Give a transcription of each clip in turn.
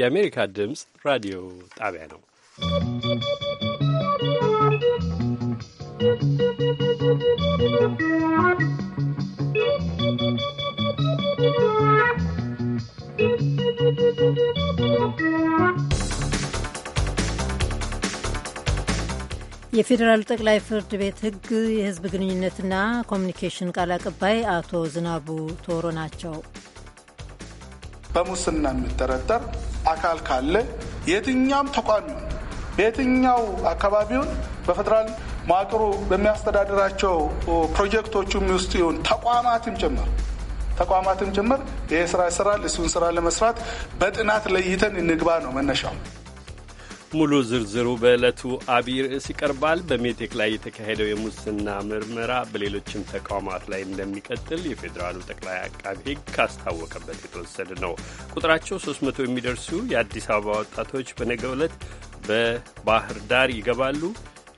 የአሜሪካ ድምፅ ራዲዮ ጣቢያ ነው። የፌዴራሉ ጠቅላይ ፍርድ ቤት ሕግ የሕዝብ ግንኙነትና ኮሚኒኬሽን ቃል አቀባይ አቶ ዝናቡ ቶሮ ናቸው። በሙስና የሚጠረጠር አካል ካለ የትኛም ተቋሚ ይሁን በየትኛው አካባቢውን በፌዴራል መዋቅሩ በሚያስተዳድራቸው ፕሮጀክቶቹም ውስጥ ይሁን ተቋማትም ጭምር ተቋማትም ጭምር ይህ ስራ ይሰራል። እሱን ስራ ለመስራት በጥናት ለይተን እንግባ ነው መነሻው። ሙሉ ዝርዝሩ በዕለቱ አብይ ርዕስ ይቀርባል። በሜቴክ ላይ የተካሄደው የሙስና ምርመራ በሌሎችም ተቋማት ላይ እንደሚቀጥል የፌዴራሉ ጠቅላይ አቃቢ ሕግ ካስታወቀበት የተወሰደ ነው። ቁጥራቸው 300 የሚደርሱ የአዲስ አበባ ወጣቶች በነገው ዕለት በባህር ዳር ይገባሉ።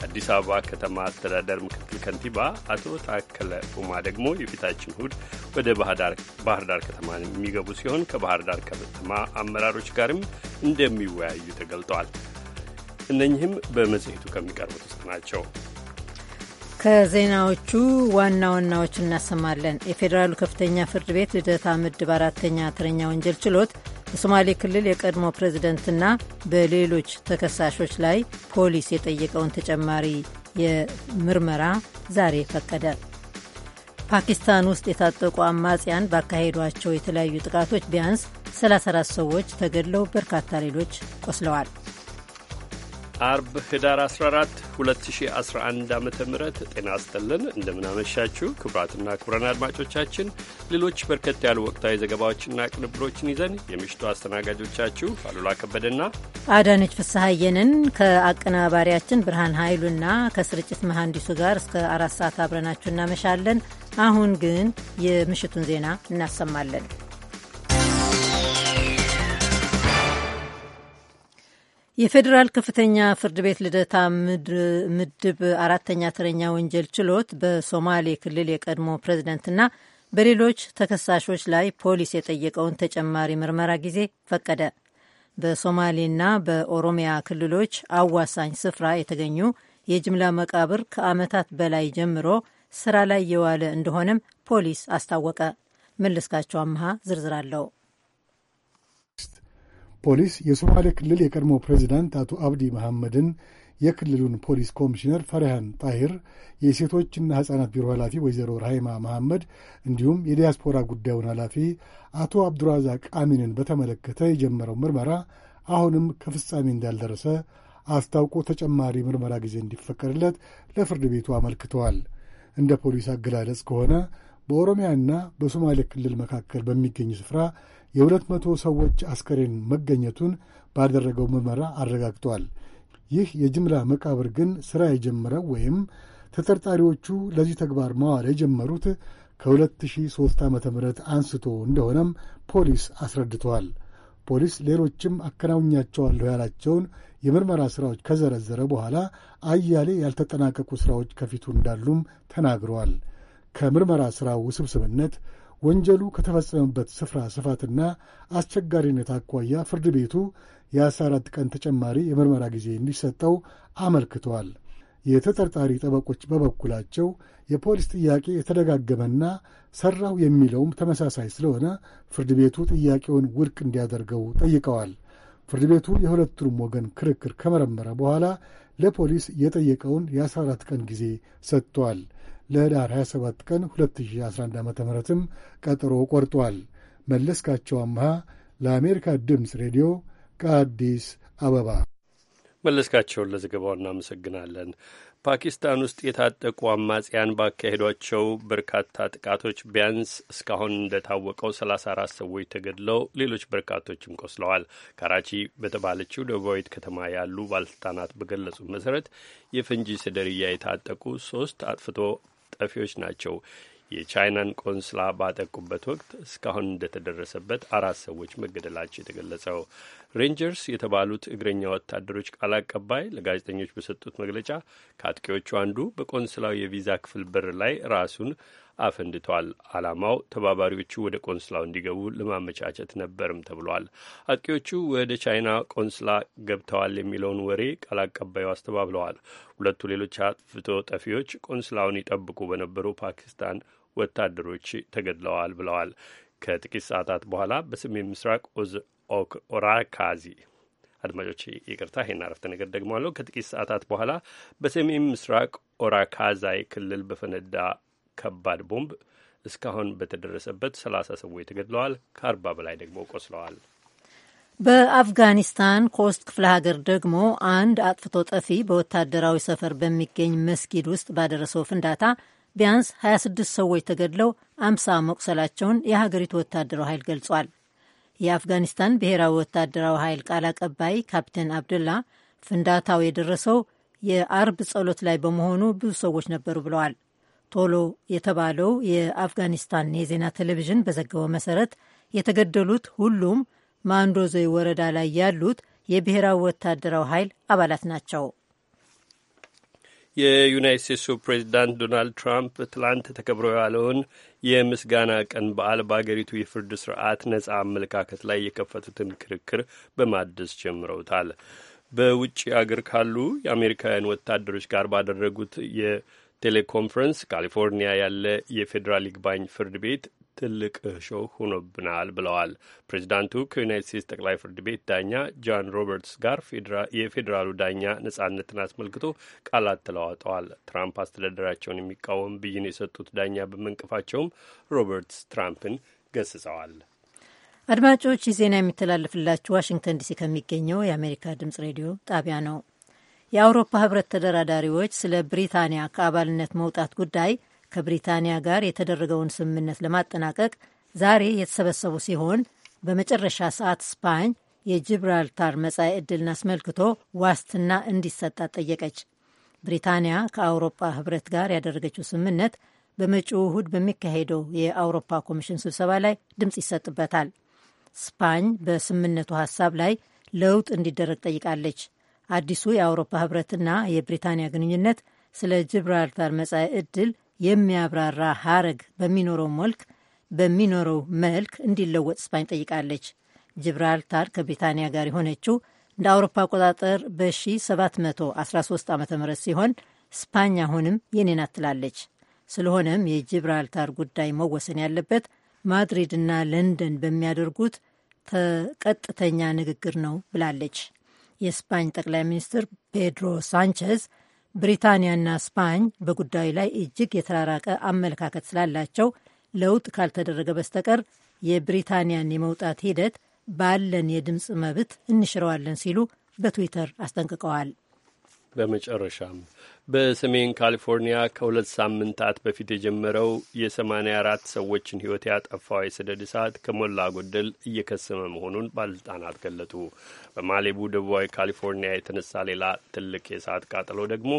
አዲስ አበባ ከተማ አስተዳደር ምክትል ከንቲባ አቶ ታከለ ኡማ ደግሞ የፊታችን እሁድ ወደ ባህር ዳር ከተማ የሚገቡ ሲሆን ከባህር ዳር ከተማ አመራሮች ጋርም እንደሚወያዩ ተገልጧል። እነኚህም በመጽሔቱ ከሚቀርቡት ውስጥ ናቸው። ከዜናዎቹ ዋና ዋናዎች እናሰማለን። የፌዴራሉ ከፍተኛ ፍርድ ቤት ልደታ ምድብ አራተኛ ተረኛ ወንጀል ችሎት በሶማሌ ክልል የቀድሞ ፕሬዝደንትና በሌሎች ተከሳሾች ላይ ፖሊስ የጠየቀውን ተጨማሪ የምርመራ ዛሬ ፈቀደ። ፓኪስታን ውስጥ የታጠቁ አማጽያን ባካሄዷቸው የተለያዩ ጥቃቶች ቢያንስ 34 ሰዎች ተገድለው በርካታ ሌሎች ቆስለዋል። አርብ ህዳር 14 2011 ዓ ም ጤና ይስጥልን። እንደምናመሻችሁ ክቡራትና ክቡራን አድማጮቻችን ሌሎች በርከት ያሉ ወቅታዊ ዘገባዎችና ቅንብሮችን ይዘን የምሽቱ አስተናጋጆቻችሁ አሉላ ከበደና አዳነች ፍስሐየንን ከአቀናባሪያችን ብርሃን ኃይሉና ከስርጭት መሐንዲሱ ጋር እስከ አራት ሰዓት አብረናችሁ እናመሻለን። አሁን ግን የምሽቱን ዜና እናሰማለን። የፌዴራል ከፍተኛ ፍርድ ቤት ልደታ ምድብ አራተኛ ተረኛ ወንጀል ችሎት በሶማሌ ክልል የቀድሞ ፕሬዚደንትና በሌሎች ተከሳሾች ላይ ፖሊስ የጠየቀውን ተጨማሪ ምርመራ ጊዜ ፈቀደ። በሶማሌና በኦሮሚያ ክልሎች አዋሳኝ ስፍራ የተገኙ የጅምላ መቃብር ከዓመታት በላይ ጀምሮ ስራ ላይ የዋለ እንደሆነም ፖሊስ አስታወቀ። መለስካቸው አምሃ ዝርዝር አለው። ፖሊስ የሶማሌ ክልል የቀድሞ ፕሬዚዳንት አቶ አብዲ መሐመድን፣ የክልሉን ፖሊስ ኮሚሽነር ፈርሃን ጣሂር፣ የሴቶችና ሕፃናት ቢሮ ኃላፊ ወይዘሮ ራሂማ መሐመድ እንዲሁም የዲያስፖራ ጉዳዩን ኃላፊ አቶ አብዱራዛቅ አሚንን በተመለከተ የጀመረው ምርመራ አሁንም ከፍጻሜ እንዳልደረሰ አስታውቆ ተጨማሪ ምርመራ ጊዜ እንዲፈቀድለት ለፍርድ ቤቱ አመልክተዋል። እንደ ፖሊስ አገላለጽ ከሆነ በኦሮሚያና በሶማሌ ክልል መካከል በሚገኝ ስፍራ የሁለት መቶ ሰዎች አስከሬን መገኘቱን ባደረገው ምርመራ አረጋግጧል። ይህ የጅምላ መቃብር ግን ሥራ የጀመረው ወይም ተጠርጣሪዎቹ ለዚህ ተግባር ማዋል የጀመሩት ከ2003 ዓ ም አንስቶ እንደሆነም ፖሊስ አስረድተዋል። ፖሊስ ሌሎችም አከናውኛቸዋለሁ ያላቸውን የምርመራ ሥራዎች ከዘረዘረ በኋላ አያሌ ያልተጠናቀቁ ሥራዎች ከፊቱ እንዳሉም ተናግረዋል። ከምርመራ ሥራው ውስብስብነት ወንጀሉ ከተፈጸመበት ስፍራ ስፋትና አስቸጋሪነት አኳያ ፍርድ ቤቱ የ14 ቀን ተጨማሪ የምርመራ ጊዜ እንዲሰጠው አመልክተዋል። የተጠርጣሪ ጠበቆች በበኩላቸው የፖሊስ ጥያቄ የተደጋገመና ሰራው የሚለውም ተመሳሳይ ስለሆነ ፍርድ ቤቱ ጥያቄውን ውድቅ እንዲያደርገው ጠይቀዋል። ፍርድ ቤቱ የሁለቱንም ወገን ክርክር ከመረመረ በኋላ ለፖሊስ የጠየቀውን የ14 ቀን ጊዜ ሰጥቷል። ለኅዳር 27 ቀን 2011 ዓ ምም ቀጠሮ ቆርጧል። መለስካቸው አምሃ ለአሜሪካ ድምፅ ሬዲዮ ከአዲስ አበባ መለስካቸውን ለዘገባው እናመሰግናለን። ፓኪስታን ውስጥ የታጠቁ አማጽያን ባካሄዷቸው በርካታ ጥቃቶች ቢያንስ እስካሁን እንደታወቀው ሰላሳ አራት ሰዎች ተገድለው ሌሎች በርካቶችም ቆስለዋል። ካራቺ በተባለችው ደቡባዊት ከተማ ያሉ ባለስልጣናት በገለጹት መሰረት የፈንጂ ስደርያ የታጠቁ ሶስት አጥፍቶ ጠፊዎች ናቸው የቻይናን ቆንስላ ባጠቁበት ወቅት እስካሁን እንደተደረሰበት አራት ሰዎች መገደላቸው የተገለጸው ሬንጀርስ የተባሉት እግረኛ ወታደሮች ቃል አቀባይ ለጋዜጠኞች በሰጡት መግለጫ ከአጥቂዎቹ አንዱ በቆንስላው የቪዛ ክፍል በር ላይ ራሱን አፈንድቷል። ዓላማው ተባባሪዎቹ ወደ ቆንስላው እንዲገቡ ለማመቻቸት ነበርም ተብሏል። አጥቂዎቹ ወደ ቻይና ቆንስላ ገብተዋል የሚለውን ወሬ ቃል አቀባዩ አስተባብለዋል። ሁለቱ ሌሎች አጥፍቶ ጠፊዎች ቆንስላውን ይጠብቁ በነበሩ ፓኪስታን ወታደሮች ተገድለዋል ብለዋል። ከጥቂት ሰዓታት በኋላ በሰሜን ምስራቅ ኦራካዚ አድማጮች ይቅርታ፣ ይሄን አረፍተ ነገር ደግማለሁ። ከጥቂት ሰዓታት በኋላ በሰሜን ምስራቅ ኦራካዛይ ክልል በፈነዳ ከባድ ቦምብ እስካሁን በተደረሰበት ሰላሳ ሰዎች ተገድለዋል፣ ከአርባ በላይ ደግሞ ቆስለዋል። በአፍጋኒስታን ኮስት ክፍለ ሀገር ደግሞ አንድ አጥፍቶ ጠፊ በወታደራዊ ሰፈር በሚገኝ መስጊድ ውስጥ ባደረሰው ፍንዳታ ቢያንስ 26 ሰዎች ተገድለው 50 መቁሰላቸውን የሀገሪቱ ወታደራዊ ኃይል ገልጿል። የአፍጋኒስታን ብሔራዊ ወታደራዊ ኃይል ቃል አቀባይ ካፕቴን አብደላ ፍንዳታው የደረሰው የአርብ ጸሎት ላይ በመሆኑ ብዙ ሰዎች ነበሩ ብለዋል። ቶሎ የተባለው የአፍጋኒስታን የዜና ቴሌቪዥን በዘገበው መሰረት የተገደሉት ሁሉም ማንዶዞይ ወረዳ ላይ ያሉት የብሔራዊ ወታደራዊ ኃይል አባላት ናቸው። የዩናይት ስቴትሱ ፕሬዚዳንት ዶናልድ ትራምፕ ትላንት ተከብሮ ያለውን የምስጋና ቀን በዓል በአገሪቱ የፍርድ ስርዓት ነጻ አመለካከት ላይ የከፈቱትን ክርክር በማደስ ጀምረውታል። በውጭ አገር ካሉ የአሜሪካውያን ወታደሮች ጋር ባደረጉት የቴሌኮንፈረንስ ካሊፎርኒያ ያለ የፌዴራል ይግባኝ ፍርድ ቤት ትልቅ እሾህ ሆኖብናል ብለዋል። ፕሬዚዳንቱ ከዩናይት ስቴትስ ጠቅላይ ፍርድ ቤት ዳኛ ጃን ሮበርትስ ጋር የፌዴራሉ ዳኛ ነጻነትን አስመልክቶ ቃላት ተለዋጠዋል። ትራምፕ አስተዳደራቸውን የሚቃወም ብይን የሰጡት ዳኛ በመንቀፋቸውም ሮበርትስ ትራምፕን ገስጸዋል። አድማጮች ይህ ዜና የሚተላለፍላችሁ ዋሽንግተን ዲሲ ከሚገኘው የአሜሪካ ድምጽ ሬዲዮ ጣቢያ ነው። የአውሮፓ ህብረት ተደራዳሪዎች ስለ ብሪታንያ ከአባልነት መውጣት ጉዳይ ከብሪታንያ ጋር የተደረገውን ስምምነት ለማጠናቀቅ ዛሬ የተሰበሰቡ ሲሆን በመጨረሻ ሰዓት ስፓኝ የጂብራልታር መጻኢ ዕድልን አስመልክቶ ዋስትና እንዲሰጣት ጠየቀች። ብሪታንያ ከአውሮፓ ህብረት ጋር ያደረገችው ስምምነት በመጪው እሁድ በሚካሄደው የአውሮፓ ኮሚሽን ስብሰባ ላይ ድምፅ ይሰጥበታል። ስፓኝ በስምምነቱ ሀሳብ ላይ ለውጥ እንዲደረግ ጠይቃለች። አዲሱ የአውሮፓ ህብረትና የብሪታንያ ግንኙነት ስለ ጂብራልታር መጻኢ ዕድል የሚያብራራ ሀረግ በሚኖረው መልክ በሚኖረው መልክ እንዲለወጥ ስፓኝ ጠይቃለች። ጅብራልታር ከብሪታንያ ጋር የሆነችው እንደ አውሮፓ አቆጣጠር በ1713 ዓ ም ሲሆን ስፓኝ አሁንም የኔ ናት ትላለች። ስለሆነም የጂብራልታር ጉዳይ መወሰን ያለበት ማድሪድና ለንደን በሚያደርጉት ተቀጥተኛ ንግግር ነው ብላለች። የስፓኝ ጠቅላይ ሚኒስትር ፔድሮ ሳንቸዝ ብሪታንያና ስፓኝ በጉዳዩ ላይ እጅግ የተራራቀ አመለካከት ስላላቸው ለውጥ ካልተደረገ በስተቀር የብሪታንያን የመውጣት ሂደት ባለን የድምፅ መብት እንሽረዋለን ሲሉ በትዊተር አስጠንቅቀዋል። በመጨረሻም በሰሜን ካሊፎርኒያ ከሁለት ሳምንታት በፊት የጀመረው የሰማኒያ አራት ሰዎችን ሕይወት ያጠፋው የሰደድ እሳት ከሞላ ጎደል እየከሰመ መሆኑን ባለስልጣናት ገለጡ። በማሌቡ ደቡባዊ ካሊፎርኒያ የተነሳ ሌላ ትልቅ የእሳት ቃጠሎ ደግሞ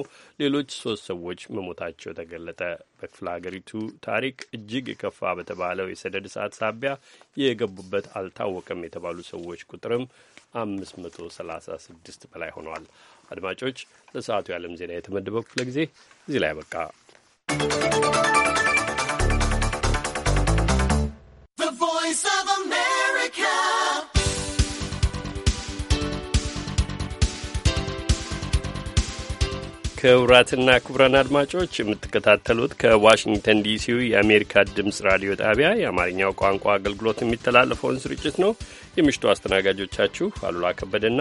ሌሎች ሶስት ሰዎች መሞታቸው ተገለጠ። በክፍለ አገሪቱ ታሪክ እጅግ የከፋ በተባለው የሰደድ እሳት ሳቢያ የገቡበት አልታወቀም የተባሉ ሰዎች ቁጥርም አምስት መቶ ሰላሳ ስድስት በላይ ሆኗል። አድማጮች፣ ለሰዓቱ የዓለም ዜና የተመደበው ክፍለ ጊዜ እዚህ ላይ አበቃ። ክቡራትና ክቡራን አድማጮች የምትከታተሉት ከዋሽንግተን ዲሲው የአሜሪካ ድምፅ ራዲዮ ጣቢያ የአማርኛው ቋንቋ አገልግሎት የሚተላለፈውን ስርጭት ነው። የምሽቱ አስተናጋጆቻችሁ አሉላ ከበደና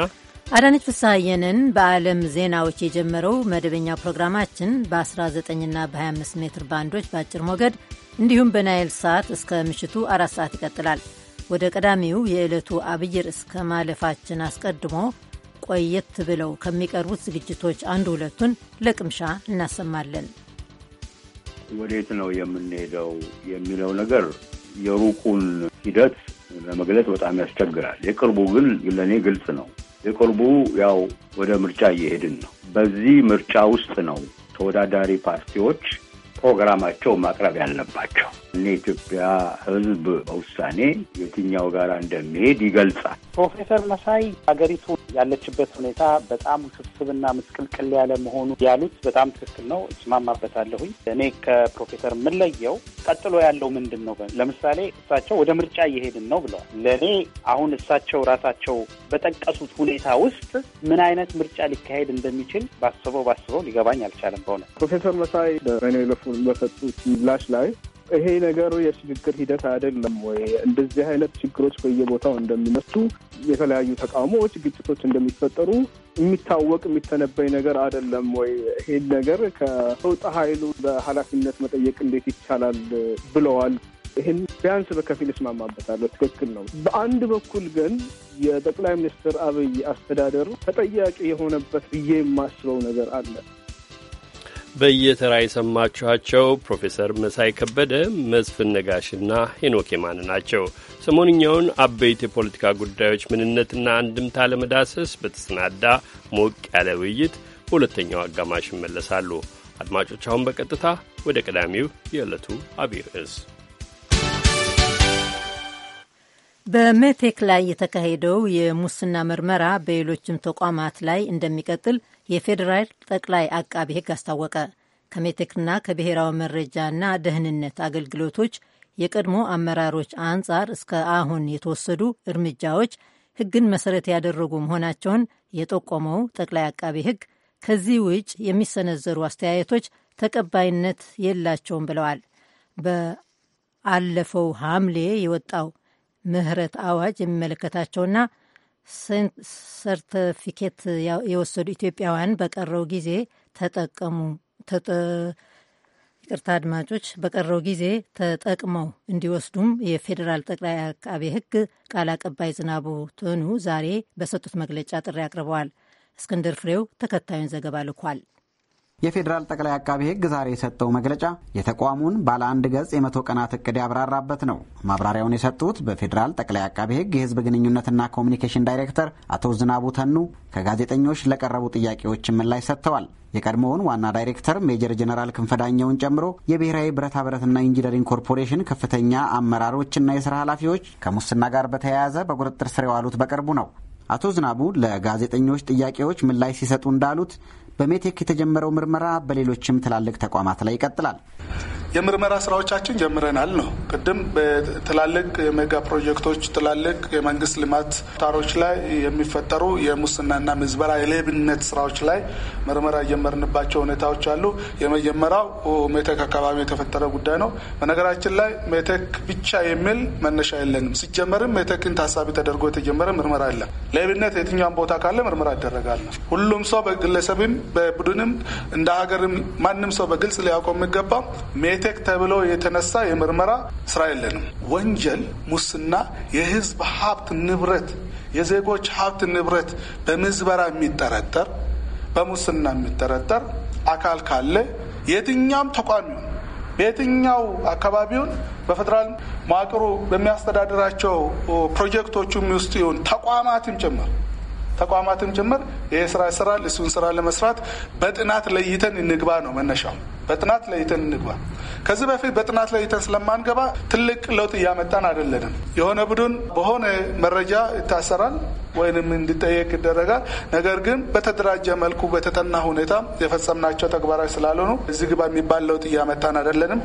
አዳነች ፍስሐየንን በዓለም ዜናዎች የጀመረው መደበኛ ፕሮግራማችን በ19ና በ25 ሜትር ባንዶች በአጭር ሞገድ እንዲሁም በናይል ሰዓት እስከ ምሽቱ አራት ሰዓት ይቀጥላል። ወደ ቀዳሚው የዕለቱ አብይ ርዕስ ከማለፋችን አስቀድሞ ቆየት ብለው ከሚቀርቡት ዝግጅቶች አንዱ ሁለቱን ለቅምሻ እናሰማለን። ወዴት ነው የምንሄደው የሚለው ነገር የሩቁን ሂደት ለመግለጽ በጣም ያስቸግራል። የቅርቡ ግን ለእኔ ግልጽ ነው። የቅርቡ ያው ወደ ምርጫ እየሄድን ነው። በዚህ ምርጫ ውስጥ ነው ተወዳዳሪ ፓርቲዎች ፕሮግራማቸው ማቅረብ ያለባቸው። ኢትዮጵያ ሕዝብ በውሳኔ የትኛው ጋር እንደሚሄድ ይገልጻል። ፕሮፌሰር መሳይ ሀገሪቱ ያለችበት ሁኔታ በጣም ውስብስብና ምስቅልቅል ያለ መሆኑ ያሉት በጣም ትክክል ነው፣ እስማማበታለሁኝ። እኔ ከፕሮፌሰር የምለየው ቀጥሎ ያለው ምንድን ነው? ለምሳሌ እሳቸው ወደ ምርጫ እየሄድን ነው ብለዋል። ለእኔ አሁን እሳቸው ራሳቸው በጠቀሱት ሁኔታ ውስጥ ምን አይነት ምርጫ ሊካሄድ እንደሚችል ባስበው ባስበው ሊገባኝ አልቻለም። በእውነት ፕሮፌሰር መሳይ በኔ ለፉ በሰጡት ምላሽ ላይ ይሄ ነገር የሽግግር ሂደት አይደለም ወይ? እንደዚህ አይነት ችግሮች በየቦታው እንደሚነሱ የተለያዩ ተቃውሞዎች፣ ግጭቶች እንደሚፈጠሩ የሚታወቅ የሚተነበይ ነገር አይደለም ወይ? ይሄን ነገር ከሰውጠ ኃይሉ በኃላፊነት መጠየቅ እንዴት ይቻላል ብለዋል። ይህን ቢያንስ በከፊል እስማማበታለሁ። ትክክል ነው። በአንድ በኩል ግን የጠቅላይ ሚኒስትር አብይ አስተዳደር ተጠያቂ የሆነበት ብዬ የማስበው ነገር አለ። በየተራ የሰማችኋቸው ፕሮፌሰር መሳይ ከበደ፣ መስፍን ነጋሽና ሄኖክ የማን ናቸው። ሰሞንኛውን አበይት የፖለቲካ ጉዳዮች ምንነትና አንድምታ ለመዳሰስ በተሰናዳ ሞቅ ያለ ውይይት በሁለተኛው አጋማሽ ይመለሳሉ። አድማጮች፣ አሁን በቀጥታ ወደ ቀዳሚው የዕለቱ አብይ ርዕስ በሜቴክ ላይ የተካሄደው የሙስና ምርመራ በሌሎችም ተቋማት ላይ እንደሚቀጥል የፌዴራል ጠቅላይ አቃቢ ሕግ አስታወቀ። ከሜቴክና ከብሔራዊ መረጃና ደህንነት አገልግሎቶች የቀድሞ አመራሮች አንጻር እስከ አሁን የተወሰዱ እርምጃዎች ሕግን መሰረት ያደረጉ መሆናቸውን የጠቆመው ጠቅላይ አቃቢ ሕግ ከዚህ ውጭ የሚሰነዘሩ አስተያየቶች ተቀባይነት የላቸውም ብለዋል። በአለፈው ሐምሌ የወጣው ምህረት አዋጅ የሚመለከታቸውና ሰርተፊኬት የወሰዱ ኢትዮጵያውያን በቀረው ጊዜ ተጠቀሙ ይቅርታ አድማጮች፣ በቀረው ጊዜ ተጠቅመው እንዲወስዱም የፌዴራል ጠቅላይ አቃቤ ሕግ ቃል አቀባይ ዝናቡ ትኑ ዛሬ በሰጡት መግለጫ ጥሪ አቅርበዋል። እስክንድር ፍሬው ተከታዩን ዘገባ ልኳል። የፌዴራል ጠቅላይ አቃቤ ሕግ ዛሬ የሰጠው መግለጫ የተቋሙን ባለ አንድ ገጽ የመቶ ቀናት እቅድ ያብራራበት ነው። ማብራሪያውን የሰጡት በፌዴራል ጠቅላይ አቃቤ ሕግ የህዝብ ግንኙነትና ኮሚኒኬሽን ዳይሬክተር አቶ ዝናቡ ተኑ ከጋዜጠኞች ለቀረቡ ጥያቄዎችን ምላሽ ሰጥተዋል። የቀድሞውን ዋና ዳይሬክተር ሜጀር ጀነራል ክንፈዳኘውን ጨምሮ የብሔራዊ ብረታ ብረትና ኢንጂነሪንግ ኮርፖሬሽን ከፍተኛ አመራሮችና የስራ ኃላፊዎች ከሙስና ጋር በተያያዘ በቁጥጥር ስር የዋሉት በቅርቡ ነው። አቶ ዝናቡ ለጋዜጠኞች ጥያቄዎች ምላሽ ሲሰጡ እንዳሉት በሜቴክ የተጀመረው ምርመራ በሌሎችም ትላልቅ ተቋማት ላይ ይቀጥላል። የምርመራ ስራዎቻችን ጀምረናል ነው። ቅድም በትላልቅ የሜጋ ፕሮጀክቶች ትላልቅ የመንግስት ልማት ታሮች ላይ የሚፈጠሩ የሙስናና ምዝበራ የሌብነት ስራዎች ላይ ምርመራ የጀመርንባቸው ሁኔታዎች አሉ። የመጀመሪያው ሜቴክ አካባቢ የተፈጠረ ጉዳይ ነው። በነገራችን ላይ ሜቴክ ብቻ የሚል መነሻ የለንም። ሲጀመርም ሜቴክን ታሳቢ ተደርጎ የተጀመረ ምርመራ የለም። ሌብነት የትኛውን ቦታ ካለ ምርመራ ይደረጋል። ሁሉም ሰው በግለሰብም በቡድንም እንደ ሀገርም ማንም ሰው በግልጽ ሊያውቀው የሚገባ ኢንቴክ ተብሎ የተነሳ የምርመራ ስራ የለንም። ወንጀል፣ ሙስና የህዝብ ሀብት ንብረት፣ የዜጎች ሀብት ንብረት በምዝበራ የሚጠረጠር በሙስና የሚጠረጠር አካል ካለ የትኛም ተቋሚ በየትኛው አካባቢውን በፌዴራል መዋቅሩ በሚያስተዳድራቸው ፕሮጀክቶቹም ውስጥ ይሁን ተቋማትም ጭምር ተቋማትም ጭምር ይህ ስራ ይሰራል። እሱን ስራ ለመስራት በጥናት ለይተን እንግባ ነው መነሻው። በጥናት ለይተን እንግባ። ከዚህ በፊት በጥናት ለይተን ስለማንገባ ትልቅ ለውጥ እያመጣን አይደለንም። የሆነ ቡድን በሆነ መረጃ ይታሰራል ወይንም እንዲጠየቅ ይደረጋል። ነገር ግን በተደራጀ መልኩ በተጠና ሁኔታ የፈጸምናቸው ተግባራዊ ስላልሆኑ እዚህ ግባ የሚባል ለውጥ እያመጣን አይደለንም።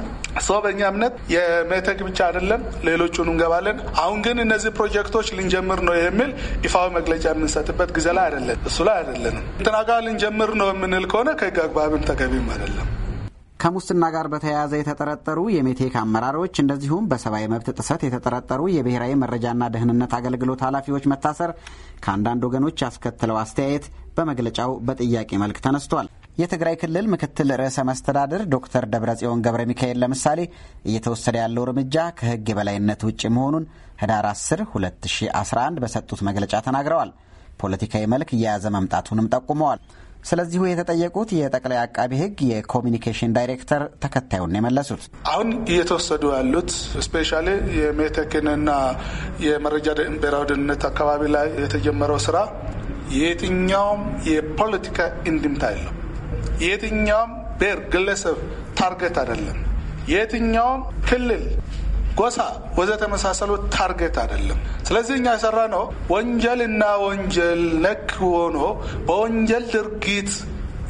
ሰው በእኛ እምነት የሜቴክ ብቻ አይደለም፣ ሌሎቹን እንገባለን። አሁን ግን እነዚህ ፕሮጀክቶች ልንጀምር ነው የሚል ይፋዊ መግለጫ የምንሰጥበት ጊዜ ላይ አይደለም። እሱ ላይ አይደለንም። እንትና ጋር ልንጀምር ነው የምንል ከሆነ ከህግ አግባብም ተገቢም አይደለም። ከሙስና ጋር በተያያዘ የተጠረጠሩ የሜቴክ አመራሮች እንደዚሁም በሰብአዊ መብት ጥሰት የተጠረጠሩ የብሔራዊ መረጃና ደህንነት አገልግሎት ኃላፊዎች መታሰር ከአንዳንድ ወገኖች ያስከተለው አስተያየት በመግለጫው በጥያቄ መልክ ተነስቷል። የትግራይ ክልል ምክትል ርዕሰ መስተዳድር ዶክተር ደብረጽዮን ገብረ ሚካኤል ለምሳሌ እየተወሰደ ያለው እርምጃ ከህግ የበላይነት ውጭ መሆኑን ህዳር 10 2011 በሰጡት መግለጫ ተናግረዋል። ፖለቲካዊ መልክ እየያዘ መምጣቱንም ጠቁመዋል። ስለዚሁ የተጠየቁት የጠቅላይ አቃቢ ሕግ የኮሚኒኬሽን ዳይሬክተር ተከታዩን የመለሱት አሁን እየተወሰዱ ያሉት ስፔሻሊ የሜቴክንና የመረጃ ብሔራዊ ደህንነት አካባቢ ላይ የተጀመረው ስራ የትኛውም የፖለቲካ እንድምታ የለም። የትኛውም ብሔር ግለሰብ ታርገት አይደለም። የትኛውም ክልል ጎሳ ወዘተመሳሰሉት ታርጌት አይደለም። ስለዚህ እኛ የሰራ ነው ወንጀል እና ወንጀል ነክ ሆኖ በወንጀል ድርጊት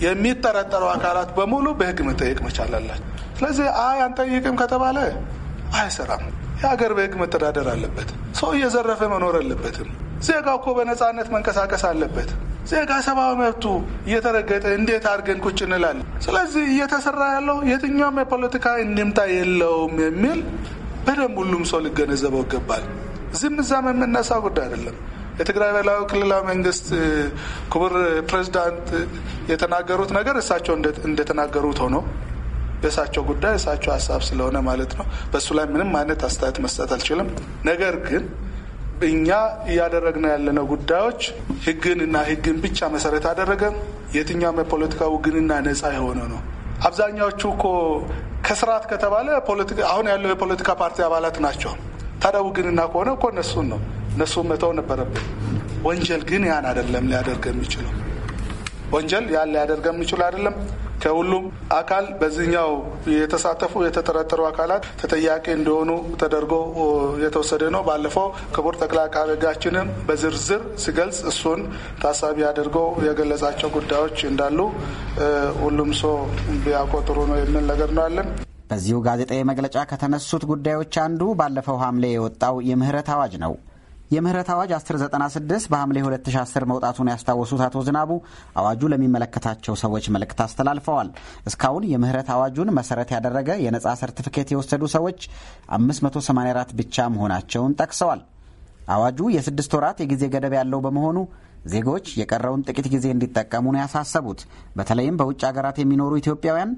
የሚጠረጠሩ አካላት በሙሉ በህግ መጠየቅ መቻል አላቸው። ስለዚህ አይ አንጠይቅም ከተባለ አይሰራም። የሀገር በህግ መተዳደር አለበት። ሰው እየዘረፈ መኖር አለበትም። ዜጋ እኮ በነፃነት መንቀሳቀስ አለበት። ዜጋ ሰብአዊ መብቱ እየተረገጠ እንዴት አድርገን ቁጭ እንላለን? ስለዚህ እየተሰራ ያለው የትኛውም የፖለቲካ እንድምታ የለውም የሚል በደንብ ሁሉም ሰው ሊገነዘበው ይገባል። ዝም ዛም የምነሳ ጉዳይ አይደለም። የትግራይ ብሔራዊ ክልላዊ መንግስት ክቡር ፕሬዚዳንት የተናገሩት ነገር እሳቸው እንደተናገሩት ሆኖ የእሳቸው ጉዳይ እሳቸው ሀሳብ ስለሆነ ማለት ነው። በእሱ ላይ ምንም አይነት አስተያየት መስጠት አልችልም። ነገር ግን እኛ እያደረግነው ያለነው ጉዳዮች ህግንና ህግን ብቻ መሰረት አደረገ የትኛውም የፖለቲካ ውግንና ነጻ የሆነ ነው። አብዛኛዎቹ እኮ ከስርዓት ከተባለ አሁን ያለው የፖለቲካ ፓርቲ አባላት ናቸው። ታዲያ ውግንና ከሆነ እኮ እነሱን ነው እነሱን መተው ነበረብን። ወንጀል ግን ያን አይደለም ሊያደርግ የሚችለው ወንጀል ያን ሊያደርግ የሚችለው አይደለም። ከሁሉም አካል በዚህኛው የተሳተፉ የተጠረጠሩ አካላት ተጠያቂ እንደሆኑ ተደርጎ የተወሰደ ነው። ባለፈው ክቡር ጠቅላይ አቃቤ ሕጋችንም በዝርዝር ሲገልጽ እሱን ታሳቢ አድርጎ የገለጻቸው ጉዳዮች እንዳሉ ሁሉም ሰው ቢያቆጥሩ ነው የምል ነገር ነው ያለን። በዚሁ ጋዜጣዊ መግለጫ ከተነሱት ጉዳዮች አንዱ ባለፈው ሐምሌ የወጣው የምህረት አዋጅ ነው። የምህረት አዋጅ 1996 በሐምሌ 2010 መውጣቱን ያስታወሱት አቶ ዝናቡ አዋጁ ለሚመለከታቸው ሰዎች መልእክት አስተላልፈዋል። እስካሁን የምህረት አዋጁን መሰረት ያደረገ የነጻ ሰርቲፊኬት የወሰዱ ሰዎች 584 ብቻ መሆናቸውን ጠቅሰዋል። አዋጁ የስድስት ወራት የጊዜ ገደብ ያለው በመሆኑ ዜጎች የቀረውን ጥቂት ጊዜ እንዲጠቀሙ ነው ያሳሰቡት። በተለይም በውጭ ሀገራት የሚኖሩ ኢትዮጵያውያን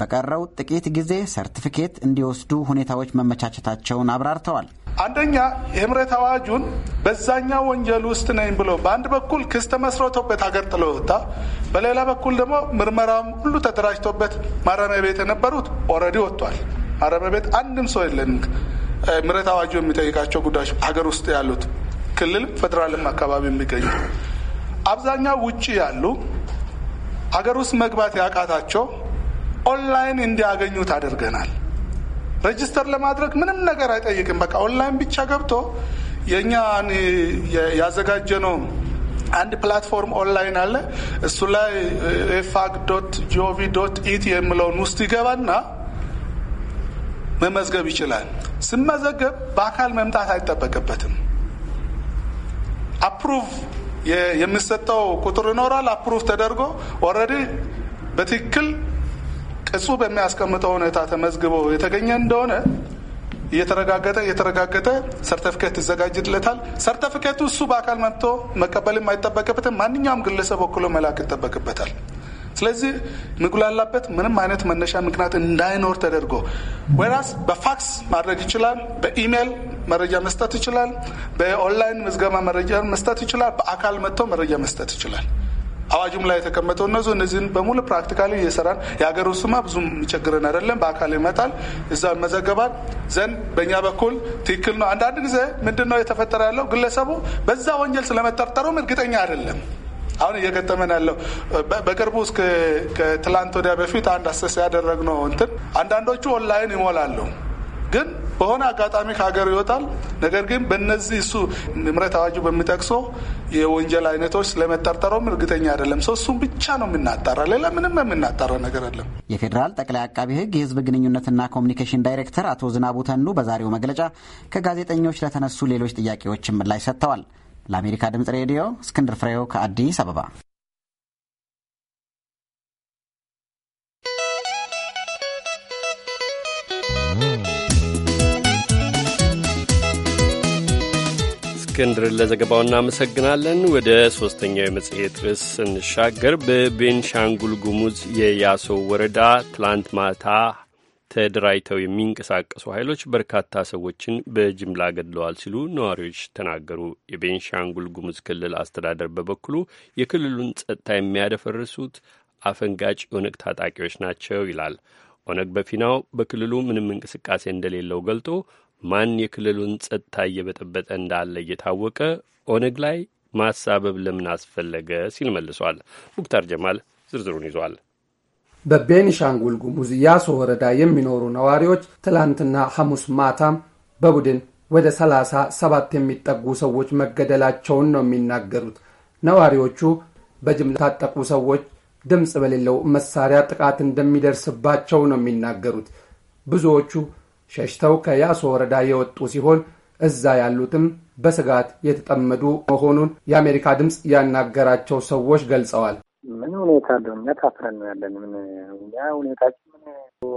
በቀረው ጥቂት ጊዜ ሰርቲፊኬት እንዲወስዱ ሁኔታዎች መመቻቸታቸውን አብራርተዋል። አንደኛ የምህረት አዋጁን በዛኛው ወንጀል ውስጥ ነኝ ብሎ በአንድ በኩል ክስ ተመስርቶበት ሀገር ጥሎ ወጣ፣ በሌላ በኩል ደግሞ ምርመራም ሁሉ ተደራጅቶበት ማረሚያ ቤት የነበሩት ኦልሬዲ ወጥቷል። ማረሚያ ቤት አንድም ሰው የለን። ምህረት አዋጁ የሚጠይቃቸው ጉዳዮች ሀገር ውስጥ ያሉት ክልል ፌዴራልም አካባቢ የሚገኙ አብዛኛው ውጭ ያሉ ሀገር ውስጥ መግባት ያቃታቸው ኦንላይን እንዲያገኙ ታደርገናል። ሬጅስተር ለማድረግ ምንም ነገር አይጠይቅም። በቃ ኦንላይን ብቻ ገብቶ የእኛ ያዘጋጀ ነው አንድ ፕላትፎርም ኦንላይን አለ። እሱ ላይ ኤፋግ ዶት ጂኦቪ ዶት ኢት የሚለውን ውስጥ ይገባና መመዝገብ ይችላል። ስመዘገብ በአካል መምጣት አይጠበቅበትም። አፕሩቭ የሚሰጠው ቁጥር ይኖራል። አፕሩቭ ተደርጎ ኦልሬዲ በትክክል ቅጹ በሚያስቀምጠው ሁኔታ ተመዝግቦ የተገኘ እንደሆነ እየተረጋገጠ እየተረጋገጠ ሰርተፍኬት ይዘጋጅለታል። ሰርተፍኬቱ እሱ በአካል መጥቶ መቀበልም አይጠበቅበትም። ማንኛውም ግለሰብ ወክሎ መላክ ይጠበቅበታል። ስለዚህ የሚጉላላበት ምንም አይነት መነሻ ምክንያት እንዳይኖር ተደርጎ ወይራስ በፋክስ ማድረግ ይችላል። በኢሜይል መረጃ መስጠት ይችላል። በኦንላይን ምዝገባ መረጃ መስጠት ይችላል። በአካል መጥቶ መረጃ መስጠት ይችላል። አዋጁም ላይ የተቀመጠው እነዙ እነዚህን በሙሉ ፕራክቲካሊ እየሰራን የሀገር ውስጥማ ብዙም የሚቸግረን አይደለም። በአካል ይመጣል፣ እዛ መዘገባል ዘንድ በእኛ በኩል ትክክል ነው። አንዳንድ ጊዜ ምንድን ነው የተፈጠረ ያለው ግለሰቡ በዛ ወንጀል ስለመጠርጠሩም እርግጠኛ አይደለም። አሁን እየገጠመን ያለው በቅርቡ እስከ ከትላንት ወዲያ በፊት አንድ አሰሳ ያደረግነው እንትን አንዳንዶቹ ኦንላይን ይሞላሉ ግን በሆነ አጋጣሚ ከሀገር ይወጣል። ነገር ግን በነዚህ እሱ ምረት አዋጁ በሚጠቅሰው የወንጀል አይነቶች ስለመጠርጠረውም እርግጠኛ አይደለም። ሰው እሱም ብቻ ነው የምናጣራ፣ ሌላ ምንም የምናጣራ ነገር የለም። የፌዴራል ጠቅላይ አቃቢ ህግ የህዝብ ግንኙነትና ኮሚኒኬሽን ዳይሬክተር አቶ ዝናቡ ተኑ በዛሬው መግለጫ ከጋዜጠኞች ለተነሱ ሌሎች ጥያቄዎች ምላሽ ሰጥተዋል። ለአሜሪካ ድምጽ ሬዲዮ እስክንድር ፍሬው ከአዲስ አበባ እስክንድርን ለዘገባው እናመሰግናለን። ወደ ሶስተኛው የመጽሔት ርዕስ ስንሻገር በቤንሻንጉል ጉሙዝ የያሶ ወረዳ ትላንት ማታ ተደራጅተው የሚንቀሳቀሱ ኃይሎች በርካታ ሰዎችን በጅምላ ገድለዋል ሲሉ ነዋሪዎች ተናገሩ። የቤንሻንጉል ጉሙዝ ክልል አስተዳደር በበኩሉ የክልሉን ጸጥታ የሚያደፈርሱት አፈንጋጭ የኦነግ ታጣቂዎች ናቸው ይላል። ኦነግ በፊናው በክልሉ ምንም እንቅስቃሴ እንደሌለው ገልጦ ማን የክልሉን ጸጥታ እየበጠበጠ እንዳለ እየታወቀ ኦነግ ላይ ማሳበብ ለምን አስፈለገ ሲል መልሷል። ሙክታር ጀማል ዝርዝሩን ይዟል። በቤኒሻንጉል ጉሙዝ ያሶ ወረዳ የሚኖሩ ነዋሪዎች ትላንትና ሐሙስ ማታም በቡድን ወደ ሰላሳ ሰባት የሚጠጉ ሰዎች መገደላቸውን ነው የሚናገሩት። ነዋሪዎቹ በጅምላ ታጠቁ ሰዎች ድምፅ በሌለው መሳሪያ ጥቃት እንደሚደርስባቸው ነው የሚናገሩት ብዙዎቹ ሸሽተው ከያሶ ወረዳ የወጡ ሲሆን እዛ ያሉትም በስጋት የተጠመዱ መሆኑን የአሜሪካ ድምፅ ያናገራቸው ሰዎች ገልጸዋል። ምን ሁኔታ አለው? እኛ ታፍረን ነው ያለን። ምን እኛ ሁኔታችን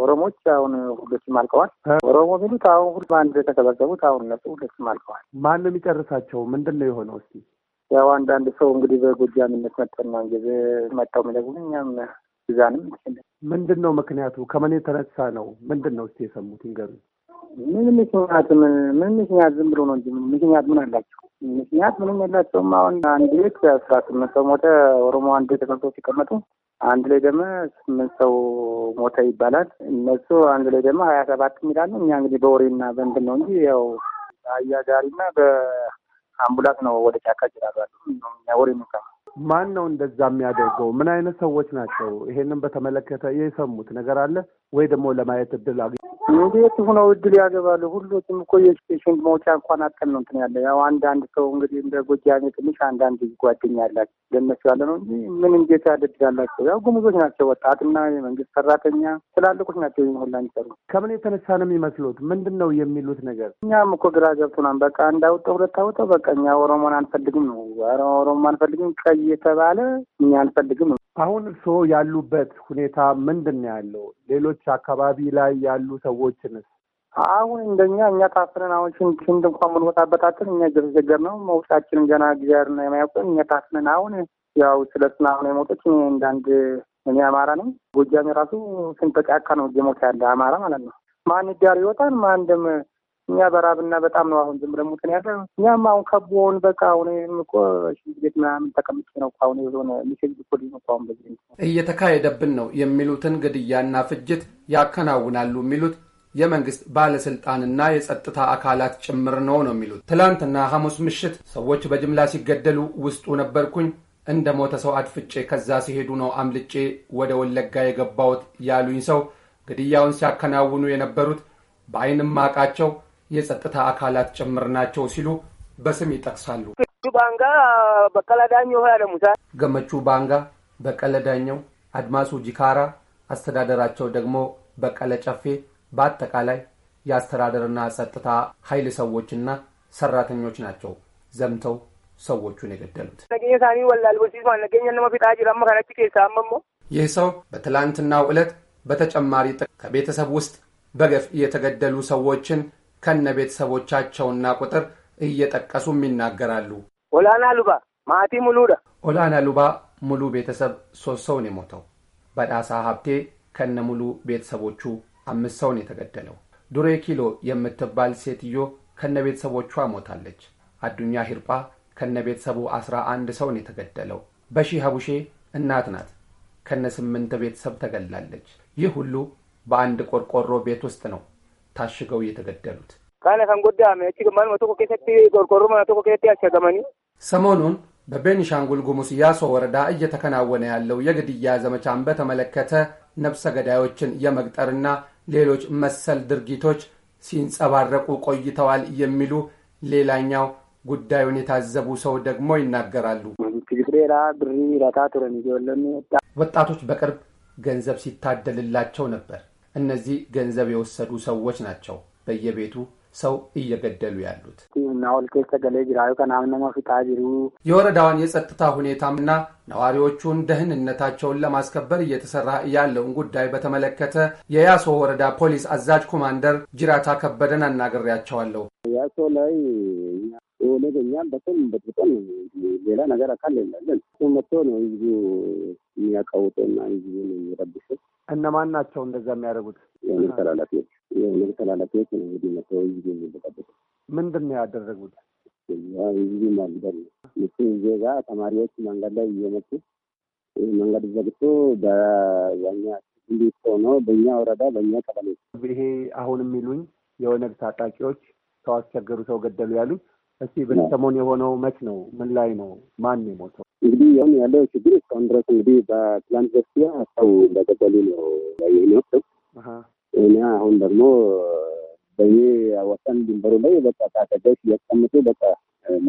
ኦሮሞች አሁን ሁሎችም አልቀዋል። ኦሮሞ ሚሉት አሁን ሁሉ በአንድ የተሰበሰቡት አሁን እነሱ ሁሎችም አልቀዋል። ማን ነው የሚጨርሳቸው? ምንድን ነው የሆነው? እስቲ ያው አንዳንድ ሰው እንግዲህ በጎጃምነት መጠና ጊዜ መጣው የሚለጉን እኛም እዛንም ምንድን ነው ምክንያቱ? ከምን የተነሳ ነው? ምንድን ነው እስቲ የሰሙት ይንገሩ። ምን ምክንያት ምን ምን ምክንያት ዝም ብሎ ነው እንጂ ምክንያት ምን አላቸው? ምክንያት ምንም የላቸውም። አሁን አንድ ቤት አስራ ስምንት ሰው ሞተ። ኦሮሞ አንድ ቤት ተቀምጦ ሲቀመጡ አንድ ላይ ደግሞ ስምንት ሰው ሞተ ይባላል። እነሱ አንድ ላይ ደግሞ ሀያ ሰባት ይላሉ። እኛ እንግዲህ በወሬና በእንትን ነው እንጂ ያው አያ ጋሪና በአምቡላንስ ነው ወደ ጫካ ይችላሉ ወሬ ምንሰማ ማን ነው እንደዛ የሚያደርገው? ምን አይነት ሰዎች ናቸው? ይሄንን በተመለከተ የሰሙት ነገር አለ ወይ? ደግሞ ለማየት እድል አግ እንዴት ሁነው እድል ያገባሉ? ሁሉም እኮ የሽንት መውጫ እንኳን አጠን ነው እንትን ያለ ያው አንዳንድ ሰው እንግዲህ እንደ ጎጃሜ ትንሽ አንዳንድ ጓደኛ ያላቸው ለነሱ ያለ ነው እንጂ ምን እንዴት ያደድጋላቸው? ያው ጉምዞች ናቸው፣ ወጣትና የመንግስት ሰራተኛ ትላልቆች ናቸው። ይህን ሁላ የሚሰሩ ከምን የተነሳ ነው የሚመስሉት? ምንድን ነው የሚሉት ነገር? እኛም እኮ ግራ ገብቶናል። በቃ እንዳውጠ ሁለት አውጠ በቃ እኛ ኦሮሞን አንፈልግም ነው ኦሮሞን አንፈልግም ቀይ እየተባለ እኛ አንፈልግም። አሁን እርስዎ ያሉበት ሁኔታ ምንድን ነው ያለው? ሌሎች አካባቢ ላይ ያሉ ሰዎችንስ? አሁን እንደኛ እኛ ታፍነን አሁን ሽንት ሽንት እንኳን ምንወጣበታችን እኛ እየተቸገር ነው። መውጣችንን ገና እግዚአብሔር ነው የማያውቀን። እኛ ታፍነን አሁን ያው ስለ ስና አሁን የመውጦች እንዳንድ እኔ አማራ ነኝ። ጎጃሜ ራሱ ስንት ጫካ ነው እየሞተ ያለ አማራ ማለት ነው። ማን ዳር ይወጣል ማን ደም እኛ በራብና በጣም ነው አሁን ዝም ብለን ሙትን ያለ እኛም አሁን ከቦን በቃ አሁን እኮ ቤት ምናምን ተቀምጬ ነው አሁን የሆነ ሚሴጅ ኮዲ ነው አሁን በዚህ እየተካሄደብን ነው የሚሉትን ግድያና ፍጅት ያከናውናሉ የሚሉት የመንግስት ባለስልጣንና የጸጥታ አካላት ጭምር ነው ነው የሚሉት። ትላንትና ሐሙስ ምሽት ሰዎች በጅምላ ሲገደሉ ውስጡ ነበርኩኝ። እንደ ሞተ ሰው አድፍጬ ከዛ ሲሄዱ ነው አምልጬ ወደ ወለጋ የገባሁት ያሉኝ ሰው ግድያውን ሲያከናውኑ የነበሩት በአይንም አቃቸው የጸጥታ አካላት ጭምር ናቸው ሲሉ በስም ይጠቅሳሉ። ባንጋ ገመቹ ባንጋ፣ በቀለ ዳኘው፣ አድማሱ ጂካራ አስተዳደራቸው ደግሞ በቀለ ጨፌ በአጠቃላይ የአስተዳደርና ጸጥታ ኃይል ሰዎችና ሰራተኞች ናቸው ዘምተው ሰዎቹን የገደሉት። ይህ ሰው በትላንትናው ዕለት በተጨማሪ ከቤተሰብ ውስጥ በገፍ የተገደሉ ሰዎችን ከነ ቤተሰቦቻቸውና ቁጥር እየጠቀሱም ይናገራሉ። ኦላና ሉባ ማቲ ሙሉ ኦላና ሉባ ሙሉ ቤተሰብ ሶስት ሰውን የሞተው። በዳሳ ሀብቴ ከነ ሙሉ ቤተሰቦቹ አምስት ሰውን የተገደለው። ዱሬ ኪሎ የምትባል ሴትዮ ከነ ቤተሰቦቿ ሞታለች። አዱኛ ሂርጳ ከነ ቤተሰቡ አስራ አንድ ሰውን የተገደለው። በሺ ሀቡሼ እናት ናት ከነ ስምንት ቤተሰብ ተገላለች። ይህ ሁሉ በአንድ ቆርቆሮ ቤት ውስጥ ነው ታሽገው የተገደሉት። ሰሞኑን በቤኒሻንጉል ጉሙስ ያሶ ወረዳ እየተከናወነ ያለው የግድያ ዘመቻን በተመለከተ ነፍሰ ገዳዮችን የመቅጠርና ሌሎች መሰል ድርጊቶች ሲንጸባረቁ ቆይተዋል የሚሉ ሌላኛው ጉዳዩን የታዘቡ ሰው ደግሞ ይናገራሉ። ወጣቶች በቅርብ ገንዘብ ሲታደልላቸው ነበር። እነዚህ ገንዘብ የወሰዱ ሰዎች ናቸው በየቤቱ ሰው እየገደሉ ያሉት። የወረዳዋን የጸጥታ ሁኔታና ነዋሪዎቹን ደህንነታቸውን ለማስከበር እየተሰራ ያለውን ጉዳይ በተመለከተ የያሶ ወረዳ ፖሊስ አዛዥ ኮማንደር ጅራታ ከበደን አናግሬያቸዋለሁ። ያሶ ላይ ሌላ ነገር አካል የለለን መጥቶ ነው ህዝቡ የሚያቃውጠውና ህዝቡን የሚረብሸው እነማን ናቸው እንደዛ የሚያደርጉት? የመንገድ ተላላፊዎች የመንገድ ተላላፊዎች እንግዲህ መተው ህዝብ የሚበጣበጡ ምንድን ነው ያደረጉት? ህዝብ ማግደል ነው። ዜጋ ተማሪዎች መንገድ ላይ እየመጡ መንገድ ዘግቶ በኛ እንዴት ሆኖ በእኛ ወረዳ በእኛ ቀበሌ ይሄ አሁን የሚሉኝ የኦነግ ታጣቂዎች ሰው አስቸገሩ፣ ሰው ገደሉ ያሉኝ እስቲ በሰሞን የሆነው መች ነው? ምን ላይ ነው? ማን የሞተው? እንግዲህ አሁን ያለው ችግር እስካሁን ድረስ እንግዲህ በትላንት በስቲያ ሰው እንደገደሉ ነው ያየነው እኔ አሁን ደግሞ በኔ ወሰን ድንበሩ ላይ በቃ ታጠቀች እያስቀምጡ በቃ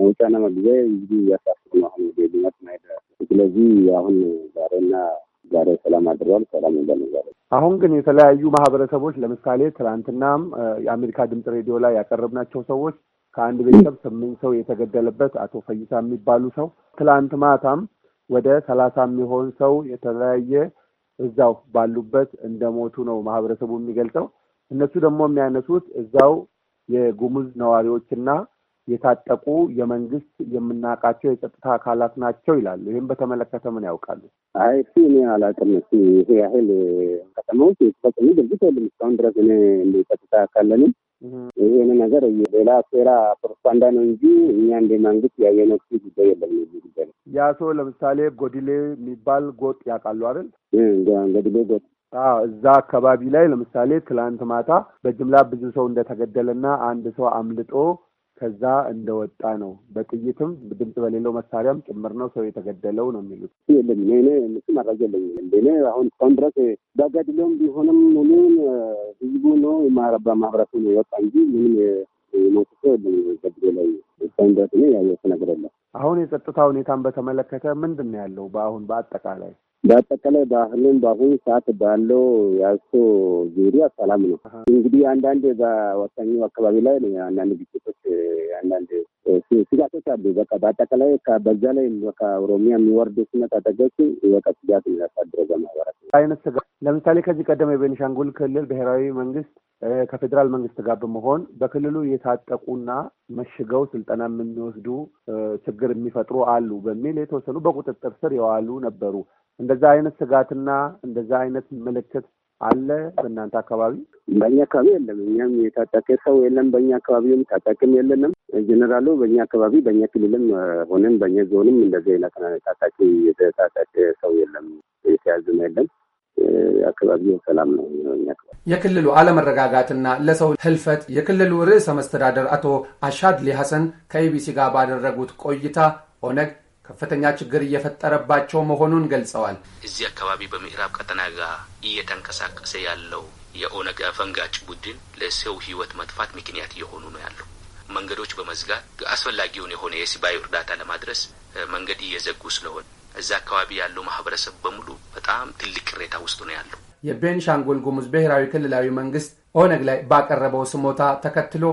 መውጫና መግቢያ እንግዲህ እያሳስሩ ነው አሁን እንግዲህ ልመት ማሄድ ስለዚህ አሁን ዛሬና ዛሬ ሰላም አድሯል። ሰላም እንደነዛለ አሁን ግን የተለያዩ ማህበረሰቦች ለምሳሌ ትናንትናም የአሜሪካ ድምፅ ሬዲዮ ላይ ያቀረብናቸው ሰዎች ከአንድ ቤተሰብ ስምንት ሰው የተገደለበት አቶ ፈይሳ የሚባሉ ሰው ትላንት ማታም ወደ ሰላሳ የሚሆን ሰው የተለያየ እዛው ባሉበት እንደሞቱ ነው ማህበረሰቡ የሚገልጸው። እነሱ ደግሞ የሚያነሱት እዛው የጉሙዝ ነዋሪዎችና የታጠቁ የመንግስት የምናውቃቸው የጸጥታ አካላት ናቸው ይላሉ። ይህም በተመለከተ ምን ያውቃሉ? አይ እሱ እኔ አላውቅም። ይሄ ያህል ከተማ ውስጥ የተፈጸሙ ድርጊት የለም እስካሁን ድረስ እኔ ጸጥታ አካለንም ይህን ነገር ሌላ ሴራ ፕሮፓጋንዳ ነው እንጂ እኛ እንደ መንግስት ያየነው ጉዳይ የለም። ጉዳይ ያ ሰው ለምሳሌ ጎድሌ የሚባል ጎጥ ያውቃሉ አይደል? ጎድሌ ጎጥ እዛ አካባቢ ላይ ለምሳሌ ትላንት ማታ በጅምላ ብዙ ሰው እንደተገደለና አንድ ሰው አምልጦ ከዛ እንደወጣ ነው። በጥይትም ድምፅ በሌለው መሳሪያም ጭምር ነው ሰው የተገደለው ነው የሚሉት። የለም እኔ ምስ መረጃ የለኝም። እኔ አሁን እስካሁን ድረስ በገድሎም ቢሆንም ሙሉን ህዝቡ ነው በማህበረሰቡ ነው የወጣ እንጂ ምንም የሞት የለም። ገድሎ ላይ እስካሁን ድረስ እኔ ያየሁት ነገር የለም። አሁን የጸጥታ ሁኔታን በተመለከተ ምንድን ነው ያለው? በአሁን በአጠቃላይ በአጠቃላይ በአሁኑም በአሁኑ ሰዓት ባለው ያሶ ዙሪያ ሰላም ነው። እንግዲህ አንዳንድ በወሳኙ አካባቢ ላይ አንዳንድ ግጭቶች፣ አንዳንድ ስጋቶች አሉ። በቃ በአጠቃላይ በዛ ላይ ከኦሮሚያ የሚወርዱ ስነት አጠገች በቃ ስጋት የሚያሳድረው በማህበራት አይነት ስጋት ለምሳሌ ከዚህ ቀደም የቤኒሻንጉል ክልል ብሔራዊ መንግስት ከፌዴራል መንግስት ጋር በመሆን በክልሉ የታጠቁና መሽገው ስልጠና የሚወስዱ ችግር የሚፈጥሩ አሉ በሚል የተወሰኑ በቁጥጥር ስር የዋሉ ነበሩ። እንደዛ አይነት ስጋትና እንደዛ አይነት ምልክት አለ በእናንተ አካባቢ? በእኛ አካባቢ የለም። እኛም የታጠቀ ሰው የለም። በእኛ አካባቢም ታጠቅም የለንም። ጀነራሉ በእኛ አካባቢ በእኛ ክልልም ሆነም በእኛ ዞንም እንደዚህ አይነት ታጣቂ የታጠቀ ሰው የለም፣ የተያዝም የለም። የአካባቢውን ሰላም ነው የሚያቅባል። የክልሉ አለመረጋጋትና ለሰው ህልፈት የክልሉ ርዕሰ መስተዳደር አቶ አሻድሊ ሐሰን ከኢቢሲ ጋር ባደረጉት ቆይታ ኦነግ ከፍተኛ ችግር እየፈጠረባቸው መሆኑን ገልጸዋል። እዚህ አካባቢ በምዕራብ ቀጠና ጋር እየተንቀሳቀሰ ያለው የኦነግ አፈንጋጭ ቡድን ለሰው ህይወት መጥፋት ምክንያት እየሆኑ ነው ያለው። መንገዶች በመዝጋት አስፈላጊውን የሆነ የሰብአዊ እርዳታ ለማድረስ መንገድ እየዘጉ ስለሆነ እዚያ አካባቢ ያለው ማህበረሰብ በሙሉ በጣም ትልቅ ቅሬታ ውስጥ ነው ያለው። የቤንሻንጉል ጉሙዝ ብሔራዊ ክልላዊ መንግስት ኦነግ ላይ ባቀረበው ስሞታ ተከትሎ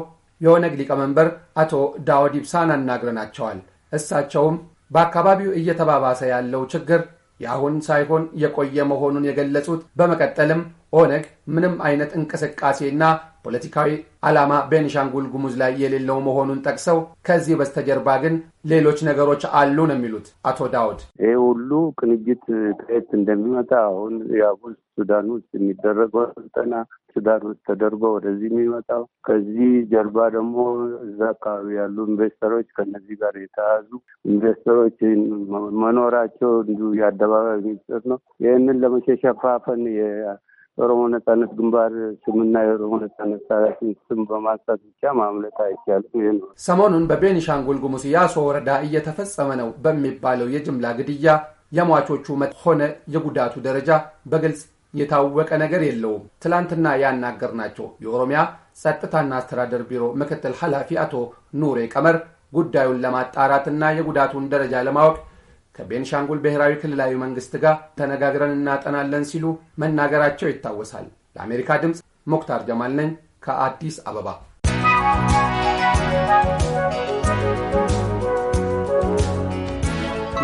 የኦነግ ሊቀመንበር አቶ ዳውድ ኢብሳን አናግረናቸዋል። እሳቸውም በአካባቢው እየተባባሰ ያለው ችግር የአሁን ሳይሆን የቆየ መሆኑን የገለጹት በመቀጠልም ኦነግ ምንም አይነት እንቅስቃሴና ፖለቲካዊ ዓላማ ቤኒሻንጉል ጉሙዝ ላይ የሌለው መሆኑን ጠቅሰው ከዚህ በስተጀርባ ግን ሌሎች ነገሮች አሉ ነው የሚሉት አቶ ዳውድ። ይህ ሁሉ ቅንጅት ከየት እንደሚመጣ አሁን ያቡል ሱዳን ውስጥ የሚደረገው ስልጠና ሱዳን ውስጥ ተደርጎ ወደዚህ የሚመጣው ከዚህ ጀርባ ደግሞ እዛ አካባቢ ያሉ ኢንቨስተሮች ከነዚህ ጋር የተያዙ ኢንቨስተሮች መኖራቸው እንዲሁ የአደባባይ የሚሰጥ ነው። ይህንን ለመሸሸፋፈን ኦሮሞ ነጻነት ግንባር ስምና የኦሮሞ ነጻነት ሰራዊትን ስም በማንሳት ብቻ ማምለት አይቻልም። ይህ ነው። ሰሞኑን በቤኒሻንጉል ጉሙዝ ያሶ ወረዳ እየተፈጸመ ነው በሚባለው የጅምላ ግድያ የሟቾቹ መጠን ሆነ የጉዳቱ ደረጃ በግልጽ የታወቀ ነገር የለውም። ትላንትና ያናገርናቸው የኦሮሚያ ጸጥታና አስተዳደር ቢሮ ምክትል ኃላፊ አቶ ኑሬ ቀመር ጉዳዩን ለማጣራትና የጉዳቱን ደረጃ ለማወቅ ከቤንሻንጉል ብሔራዊ ክልላዊ መንግስት ጋር ተነጋግረን እናጠናለን ሲሉ መናገራቸው ይታወሳል። ለአሜሪካ ድምፅ ሙክታር ጀማል ነኝ ከአዲስ አበባ።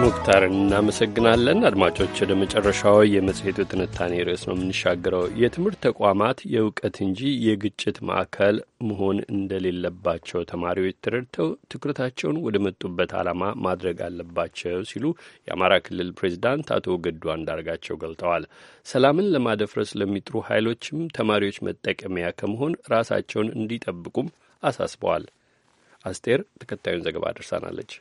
ሙክታር እናመሰግናለን። አድማጮች ወደ መጨረሻው የመጽሔቱ ትንታኔ ርዕስ ነው የምንሻገረው። የትምህርት ተቋማት የእውቀት እንጂ የግጭት ማዕከል መሆን እንደሌለባቸው ተማሪዎች ተረድተው ትኩረታቸውን ወደ መጡበት ዓላማ ማድረግ አለባቸው ሲሉ የአማራ ክልል ፕሬዚዳንት አቶ ገዱ አንዳርጋቸው ገልጠዋል። ሰላምን ለማደፍረስ ለሚጥሩ ኃይሎችም ተማሪዎች መጠቀሚያ ከመሆን ራሳቸውን እንዲጠብቁም አሳስበዋል። አስቴር ተከታዩን ዘገባ አድርሳናለች።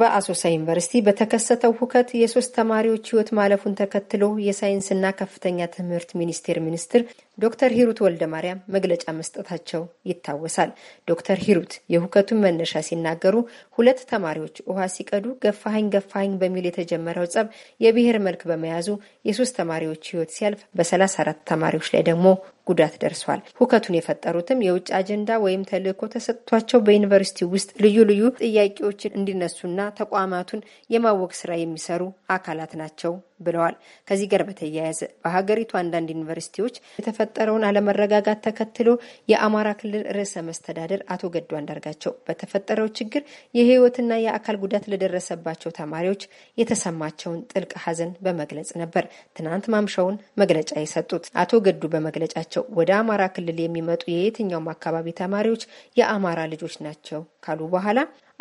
በአሶሳ ዩኒቨርሲቲ በተከሰተው ሁከት የሶስት ተማሪዎች ህይወት ማለፉን ተከትሎ የሳይንስና ከፍተኛ ትምህርት ሚኒስቴር ሚኒስትር ዶክተር ሂሩት ወልደ ማርያም መግለጫ መስጠታቸው ይታወሳል። ዶክተር ሂሩት የሁከቱን መነሻ ሲናገሩ ሁለት ተማሪዎች ውሃ ሲቀዱ ገፋሀኝ ገፋሀኝ በሚል የተጀመረው ጸብ የብሔር መልክ በመያዙ የሶስት ተማሪዎች ህይወት ሲያልፍ በሰላሳ አራት ተማሪዎች ላይ ደግሞ ጉዳት ደርሷል። ሁከቱን የፈጠሩትም የውጭ አጀንዳ ወይም ተልዕኮ ተሰጥቷቸው በዩኒቨርሲቲ ውስጥ ልዩ ልዩ ጥያቄዎችን እንዲነሱና ተቋማቱን የማወቅ ስራ የሚሰሩ አካላት ናቸው ብለዋል። ከዚህ ጋር በተያያዘ በሀገሪቱ አንዳንድ ዩኒቨርሲቲዎች የተፈጠረውን አለመረጋጋት ተከትሎ የአማራ ክልል ርዕሰ መስተዳደር አቶ ገዱ አንዳርጋቸው በተፈጠረው ችግር የሕይወትና የአካል ጉዳት ለደረሰባቸው ተማሪዎች የተሰማቸውን ጥልቅ ሐዘን በመግለጽ ነበር ትናንት ማምሻውን መግለጫ የሰጡት። አቶ ገዱ በመግለጫቸው ወደ አማራ ክልል የሚመጡ የየትኛውም አካባቢ ተማሪዎች የአማራ ልጆች ናቸው ካሉ በኋላ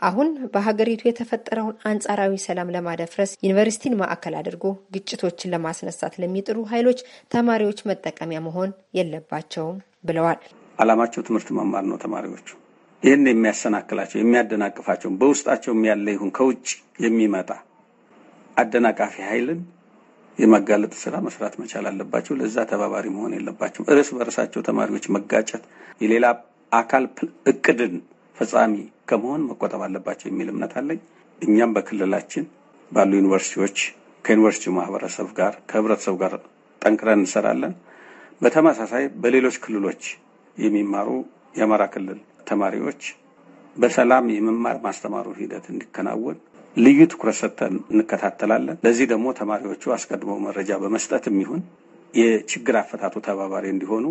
አሁን በሀገሪቱ የተፈጠረውን አንጻራዊ ሰላም ለማደፍረስ ዩኒቨርሲቲን ማዕከል አድርጎ ግጭቶችን ለማስነሳት ለሚጥሩ ኃይሎች ተማሪዎች መጠቀሚያ መሆን የለባቸውም ብለዋል። አላማቸው ትምህርት መማር ነው። ተማሪዎቹ ይህን የሚያሰናክላቸው የሚያደናቅፋቸው በውስጣቸውም ያለ ይሁን ከውጭ የሚመጣ አደናቃፊ ኃይልን የመጋለጥ ስራ መስራት መቻል አለባቸው። ለዛ ተባባሪ መሆን የለባቸው። እርስ በርሳቸው ተማሪዎች መጋጨት የሌላ አካል እቅድን ፈጻሚ ከመሆን መቆጠብ አለባቸው የሚል እምነት አለኝ። እኛም በክልላችን ባሉ ዩኒቨርሲቲዎች ከዩኒቨርሲቲ ማህበረሰብ ጋር ከህብረተሰቡ ጋር ጠንክረን እንሰራለን። በተመሳሳይ በሌሎች ክልሎች የሚማሩ የአማራ ክልል ተማሪዎች በሰላም የመማር ማስተማሩ ሂደት እንዲከናወን ልዩ ትኩረት ሰጥተን እንከታተላለን። ለዚህ ደግሞ ተማሪዎቹ አስቀድሞ መረጃ በመስጠት የሚሆን የችግር አፈታቱ ተባባሪ እንዲሆኑ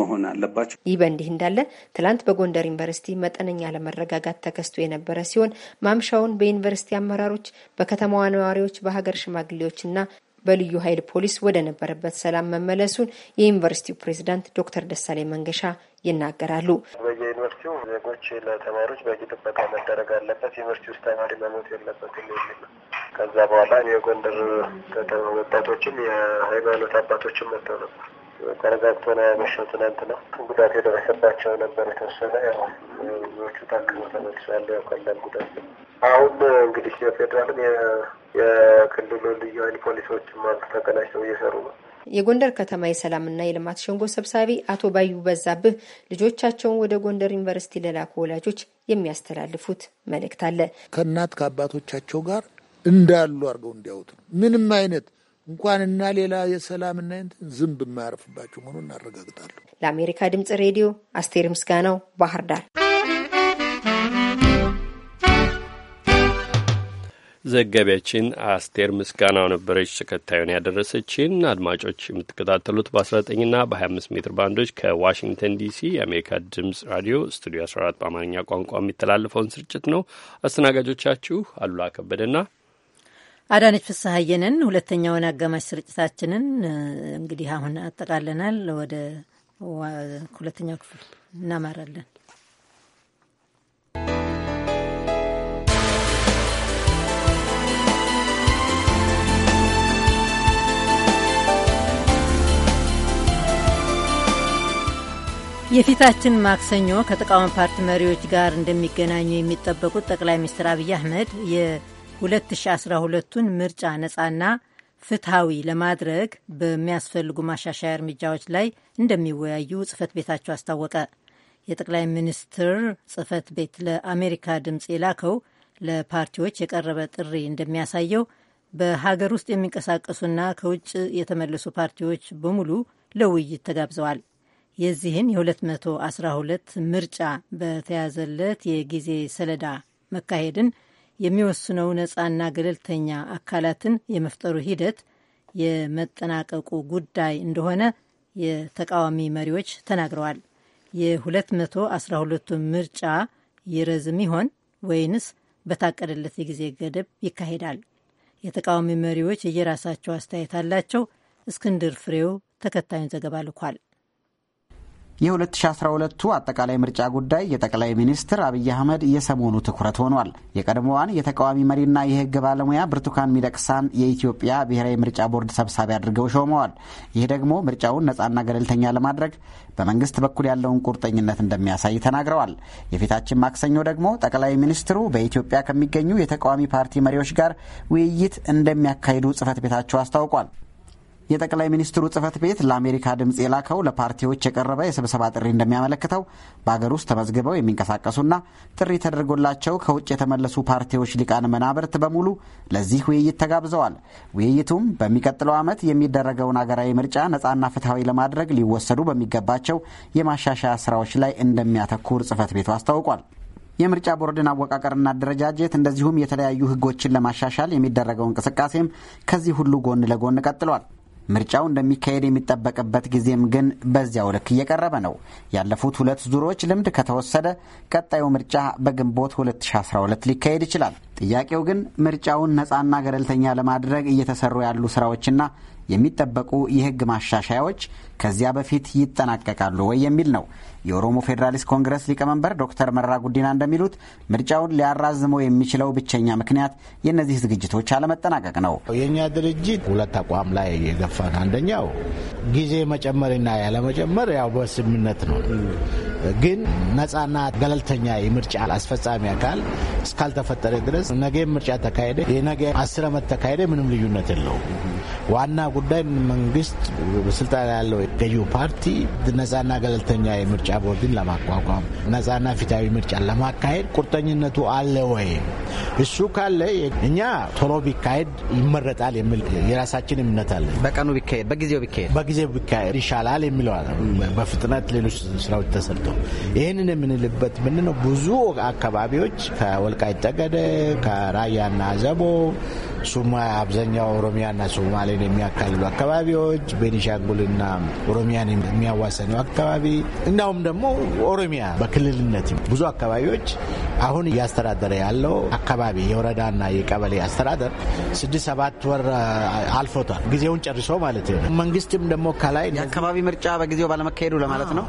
መሆን አለባቸው። ይህ በእንዲህ እንዳለ ትላንት በጎንደር ዩኒቨርሲቲ መጠነኛ ለመረጋጋት ተከስቶ የነበረ ሲሆን ማምሻውን በዩኒቨርሲቲ አመራሮች፣ በከተማዋ ነዋሪዎች፣ በሀገር ሽማግሌዎችና በልዩ ኃይል ፖሊስ ወደ ነበረበት ሰላም መመለሱን የዩኒቨርሲቲው ፕሬዚዳንት ዶክተር ደሳሌ መንገሻ ይናገራሉ። በየዩኒቨርሲቲው ዜጎች ለተማሪዎች በቂ ጥበቃ መደረግ አለበት፣ ዩኒቨርሲቲ ውስጥ ተማሪ መሞት የለበትም የሚል ከዛ በኋላ የጎንደር ከተማ ወጣቶችም የሃይማኖት አባቶችም መጥተው ነበር። ተረጋግቶ ነው ያመሸው። ትናንትና ጉዳት የደረሰባቸው ነበር የተወሰነ ያው ብዙዎቹ ታክሞ ተመልሷል። ያው ቀላል ጉዳት ነው። አሁን እንግዲህ የፌዴራልም የክልሉ ልዩ ኃይል ፖሊሶችም አሉ ተቀናጅተው እየሰሩ ነው። የጎንደር ከተማ የሰላምና የልማት ሸንጎ ሰብሳቢ አቶ ባዩ በዛብህ ልጆቻቸውን ወደ ጎንደር ዩኒቨርሲቲ ለላኩ ወላጆች የሚያስተላልፉት መልእክት አለ። ከእናት ከአባቶቻቸው ጋር እንዳሉ አድርገው እንዲያዩት ነው ምንም አይነት እንኳንና ሌላ የሰላምና እንትን ዝንብ የማያርፍባቸው መሆኑን እናረጋግጣለሁ። ለአሜሪካ ድምጽ ሬዲዮ አስቴር ምስጋናው ባህር ዳር። ዘጋቢያችን አስቴር ምስጋናው ነበረች ተከታዩን ያደረሰችን። አድማጮች የምትከታተሉት በ19ና በ25 ሜትር ባንዶች ከዋሽንግተን ዲሲ የአሜሪካ ድምጽ ራዲዮ ስቱዲዮ 14 በአማርኛ ቋንቋ የሚተላለፈውን ስርጭት ነው። አስተናጋጆቻችሁ አሉላ ከበደና አዳነች ፍስሐየንን ሁለተኛውን አጋማሽ ስርጭታችንን እንግዲህ አሁን አጠቃለናል። ወደ ሁለተኛው ክፍል እናማራለን። የፊታችን ማክሰኞ ከተቃዋሚ ፓርቲ መሪዎች ጋር እንደሚገናኙ የሚጠበቁት ጠቅላይ ሚኒስትር አብይ አህመድ 2012ቱን ምርጫ ነፃና ፍትሐዊ ለማድረግ በሚያስፈልጉ ማሻሻያ እርምጃዎች ላይ እንደሚወያዩ ጽህፈት ቤታቸው አስታወቀ። የጠቅላይ ሚኒስትር ጽህፈት ቤት ለአሜሪካ ድምፅ የላከው ለፓርቲዎች የቀረበ ጥሪ እንደሚያሳየው በሀገር ውስጥ የሚንቀሳቀሱና ከውጭ የተመለሱ ፓርቲዎች በሙሉ ለውይይት ተጋብዘዋል። የዚህን የ212 ምርጫ በተያዘለት የጊዜ ሰሌዳ መካሄድን የሚወስነው ነፃና ገለልተኛ አካላትን የመፍጠሩ ሂደት የመጠናቀቁ ጉዳይ እንደሆነ የተቃዋሚ መሪዎች ተናግረዋል። የ212ቱ ምርጫ ይረዝም ይሆን ወይንስ በታቀደለት የጊዜ ገደብ ይካሄዳል? የተቃዋሚ መሪዎች የየራሳቸው አስተያየት አላቸው። እስክንድር ፍሬው ተከታዩን ዘገባ ልኳል። የ2012ቱ አጠቃላይ ምርጫ ጉዳይ የጠቅላይ ሚኒስትር አብይ አህመድ የሰሞኑ ትኩረት ሆኗል። የቀድሞዋን የተቃዋሚ መሪና የህግ ባለሙያ ብርቱካን ሚደቅሳን የኢትዮጵያ ብሔራዊ ምርጫ ቦርድ ሰብሳቢ አድርገው ሾመዋል። ይህ ደግሞ ምርጫውን ነፃና ገለልተኛ ለማድረግ በመንግስት በኩል ያለውን ቁርጠኝነት እንደሚያሳይ ተናግረዋል። የፊታችን ማክሰኞ ደግሞ ጠቅላይ ሚኒስትሩ በኢትዮጵያ ከሚገኙ የተቃዋሚ ፓርቲ መሪዎች ጋር ውይይት እንደሚያካሂዱ ጽህፈት ቤታቸው አስታውቋል። የጠቅላይ ሚኒስትሩ ጽህፈት ቤት ለአሜሪካ ድምፅ የላከው ለፓርቲዎች የቀረበ የስብሰባ ጥሪ እንደሚያመለክተው በአገር ውስጥ ተመዝግበው የሚንቀሳቀሱና ጥሪ ተደርጎላቸው ከውጭ የተመለሱ ፓርቲዎች ሊቃነ መናብርት በሙሉ ለዚህ ውይይት ተጋብዘዋል። ውይይቱም በሚቀጥለው ዓመት የሚደረገውን አገራዊ ምርጫ ነፃና ፍትሐዊ ለማድረግ ሊወሰዱ በሚገባቸው የማሻሻያ ስራዎች ላይ እንደሚያተኩር ጽህፈት ቤቱ አስታውቋል። የምርጫ ቦርድን አወቃቀርና አደረጃጀት እንደዚሁም የተለያዩ ህጎችን ለማሻሻል የሚደረገው እንቅስቃሴም ከዚህ ሁሉ ጎን ለጎን ቀጥሏል። ምርጫው እንደሚካሄድ የሚጠበቅበት ጊዜም ግን በዚያው ልክ እየቀረበ ነው። ያለፉት ሁለት ዙሮች ልምድ ከተወሰደ ቀጣዩ ምርጫ በግንቦት 2012 ሊካሄድ ይችላል። ጥያቄው ግን ምርጫውን ነፃና ገለልተኛ ለማድረግ እየተሰሩ ያሉ ስራዎችና የሚጠበቁ የህግ ማሻሻያዎች ከዚያ በፊት ይጠናቀቃሉ ወይ የሚል ነው። የኦሮሞ ፌዴራሊስት ኮንግረስ ሊቀመንበር ዶክተር መራ ጉዲና እንደሚሉት ምርጫውን ሊያራዝመው የሚችለው ብቸኛ ምክንያት የእነዚህ ዝግጅቶች አለመጠናቀቅ ነው። የእኛ ድርጅት ሁለት አቋም ላይ የገፋን፣ አንደኛው ጊዜ መጨመርና ያለመጨመር ያው በስምምነት ነው። ግን ነጻና ገለልተኛ የምርጫ አስፈጻሚ አካል እስካልተፈጠረ ድረስ ነገ ምርጫ ተካሄደ የነገ አስር ዓመት ተካሄደ ምንም ልዩነት የለውም። ዋና ጉዳይ መንግስት ስልጣን ያለው ገዢው ፓርቲ ነጻና ገለልተኛ የምርጫ ቦርድን ለማቋቋም ነጻና ፊታዊ ምርጫ ለማካሄድ ቁርጠኝነቱ አለ ወይ? እሱ ካለ እኛ ቶሎ ቢካሄድ ይመረጣል የሚል የራሳችን እምነት አለ። በቀኑ ቢካሄድ፣ በጊዜው ቢካሄድ፣ በጊዜው ቢካሄድ ይሻላል የሚለዋል። በፍጥነት ሌሎች ስራዎች ተሰርቶ ይህንን የምንልበት ምንድን ብዙ አካባቢዎች ከወልቃይት ጠገደ ከራያና ዘቦ ሱማ አብዛኛው ኦሮሚያና ሶማሌን የሚያካልሉ አካባቢዎች፣ ቤኒሻንጉልና ኦሮሚያን የሚያዋሰነው አካባቢ እንዳውም ደግሞ ኦሮሚያ በክልልነት ብዙ አካባቢዎች አሁን እያስተዳደረ ያለው አካባቢ የወረዳና የቀበሌ አስተዳደር ስድስት ሰባት ወር አልፎታል፣ ጊዜውን ጨርሶ ማለት ነው። መንግስትም ደግሞ ከላይ የአካባቢ ምርጫ በጊዜው ባለመካሄዱ ለማለት ነው።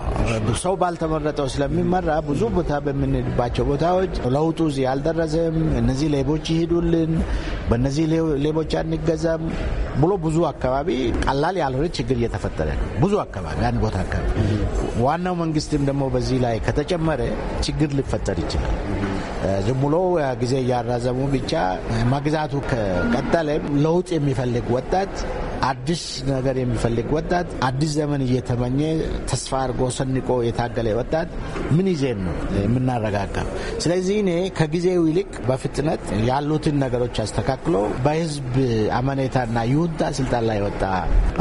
ሰው ባልተመረጠው ስለሚመራ ብዙ ቦታ በምንሄድባቸው ቦታዎች ለውጡ እዚህ አልደረሰም፣ እነዚህ ሌቦች ይሄዱልን፣ በእነዚህ ሌቦች አንገዛም ብሎ ብዙ አካባቢ ቀላል ያልሆነ ችግር እየተፈጠረ ነው። ብዙ አካባቢ አንድ ቦታ አካባቢ ዋናው መንግስትም ደግሞ በዚህ ላይ ከተጨመረ ችግር ሊፈጠር ይችላል። ዝም ብሎ ጊዜ እያራዘሙ ብቻ መግዛቱ ከቀጠለ ለውጥ የሚፈልግ ወጣት አዲስ ነገር የሚፈልግ ወጣት፣ አዲስ ዘመን እየተመኘ ተስፋ አድርጎ ሰንቆ የታገለ ወጣት ምን ይዜን ነው የምናረጋጋው? ስለዚህ እኔ ከጊዜው ይልቅ በፍጥነት ያሉትን ነገሮች አስተካክሎ በህዝብ አመኔታና ይሁንታ ስልጣን ላይ ወጣ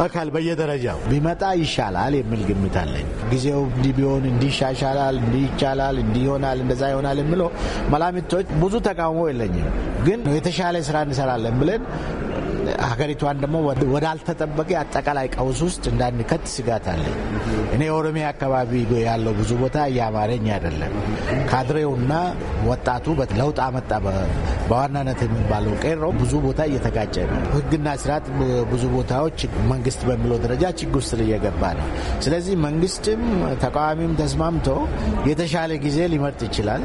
አካል በየደረጃው ቢመጣ ይሻላል የሚል ግምት አለኝ። ጊዜው እንዲህ ቢሆን እንዲህ ይሻሻላል፣ እንዲህ ይቻላል፣ እንዲህ ይሆናል፣ እንደዛ ይሆናል የምለው መላምቶች ብዙ ተቃውሞ የለኝም። ግን የተሻለ ስራ እንሰራለን ብለን ሀገሪቷን ደግሞ ወዳልተጠበቀ አጠቃላይ ቀውስ ውስጥ እንዳንከት ስጋት አለ። እኔ የኦሮሚያ አካባቢ ያለው ብዙ ቦታ እያማረኝ አይደለም። ካድሬውና ወጣቱ ለውጥ አመጣ በዋናነት የሚባለው ቄሮ ብዙ ቦታ እየተጋጨ ነው። ህግና ስርዓት ብዙ ቦታዎች መንግስት በሚለው ደረጃ ችግር ስር እየገባ ነው። ስለዚህ መንግስትም ተቃዋሚም ተስማምቶ የተሻለ ጊዜ ሊመርጥ ይችላል።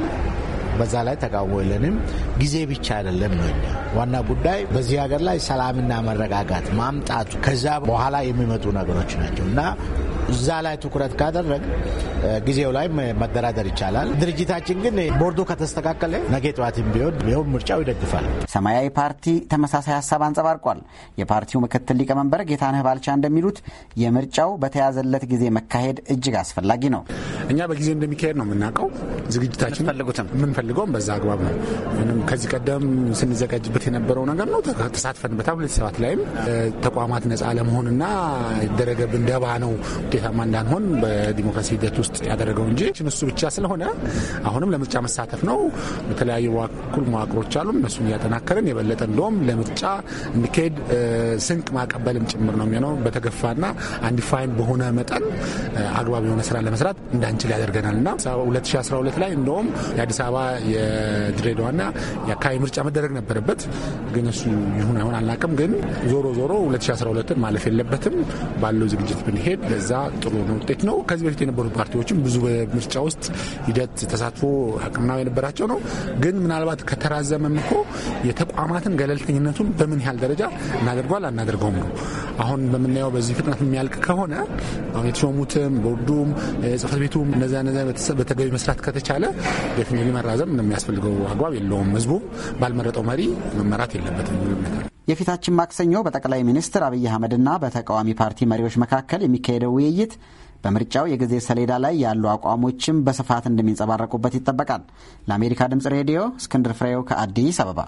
በዛ ላይ ተቃውሞ የለንም። ጊዜ ብቻ አይደለም ነው እኛ ዋና ጉዳይ በዚህ ሀገር ላይ ሰላምና መረጋጋት ማምጣቱ ከዛ በኋላ የሚመጡ ነገሮች ናቸው እና እዛ ላይ ትኩረት ካደረግ ጊዜው ላይ መደራደር ይቻላል። ድርጅታችን ግን ቦርዱ ከተስተካከለ ነገ ጠዋትም ቢሆን ቢሆን ምርጫው ይደግፋል። ሰማያዊ ፓርቲ ተመሳሳይ ሀሳብ አንጸባርቋል። የፓርቲው ምክትል ሊቀመንበር ጌታነህ ባልቻ እንደሚሉት የምርጫው በተያዘለት ጊዜ መካሄድ እጅግ አስፈላጊ ነው። እኛ በጊዜ እንደሚካሄድ ነው የምናውቀው። ዝግጅታችን የምንፈልገውም በዛ አግባብ ነው። ከዚህ ቀደም ስንዘጋጅበት የነበረው ነገር ነው። ተሳትፈንበታ ሁለት ሰባት ላይም ተቋማት ነጻ ለመሆንና ይደረገብን ደባ ነው ውጤታማ እንዳንሆን በዲሞክራሲ ሂደት ውስጥ ውስጥ ያደረገው እንጂ እሱ ብቻ ስለሆነ አሁንም ለምርጫ መሳተፍ ነው። በተለያዩ በኩል መዋቅሮች አሉ። እነሱን እያጠናከርን የበለጠ እንደውም ለምርጫ እንዲካሄድ ስንቅ ማቀበልም ጭምር ነው የሚሆነው። በተገፋና አንዲፋይን በሆነ መጠን አግባብ የሆነ ስራ ለመስራት እንዳንችል ያደርገናል እና 2012 ላይ እንደውም የአዲስ አበባ የድሬዳዋና የአካባቢ ምርጫ መደረግ ነበረበት። ግን እሱ ይሁን አይሆን አልናቅም። ግን ዞሮ ዞሮ 2012ን ማለፍ የለበትም። ባለው ዝግጅት ብንሄድ ለዛ ጥሩ ውጤት ነው። ከዚህ በፊት የነበሩት ፓርቲዎች ሰዎችም ብዙ በምርጫ ውስጥ ሂደት ተሳትፎ ህቅና የነበራቸው ነው። ግን ምናልባት ከተራዘመም እኮ የተቋማትን ገለልተኝነቱን በምን ያህል ደረጃ እናደርገዋል አናደርገውም ነው። አሁን በምናየው በዚህ ፍጥነት የሚያልቅ ከሆነ አሁን የተሾሙትም ቦርዱም ጽህፈት ቤቱም እነዚያ እነዚያ በተገቢ መስራት ከተቻለ ዴፊኒትሊ መራዘም እንደሚያስፈልገው አግባብ የለውም። ህዝቡም ባልመረጠው መሪ መመራት የለበትም። የፊታችን ማክሰኞ በጠቅላይ ሚኒስትር አብይ አህመድና በተቃዋሚ ፓርቲ መሪዎች መካከል የሚካሄደው ውይይት በምርጫው የጊዜ ሰሌዳ ላይ ያሉ አቋሞችም በስፋት እንደሚንጸባረቁበት ይጠበቃል። ለአሜሪካ ድምጽ ሬዲዮ እስክንድር ፍሬው ከአዲስ አበባ።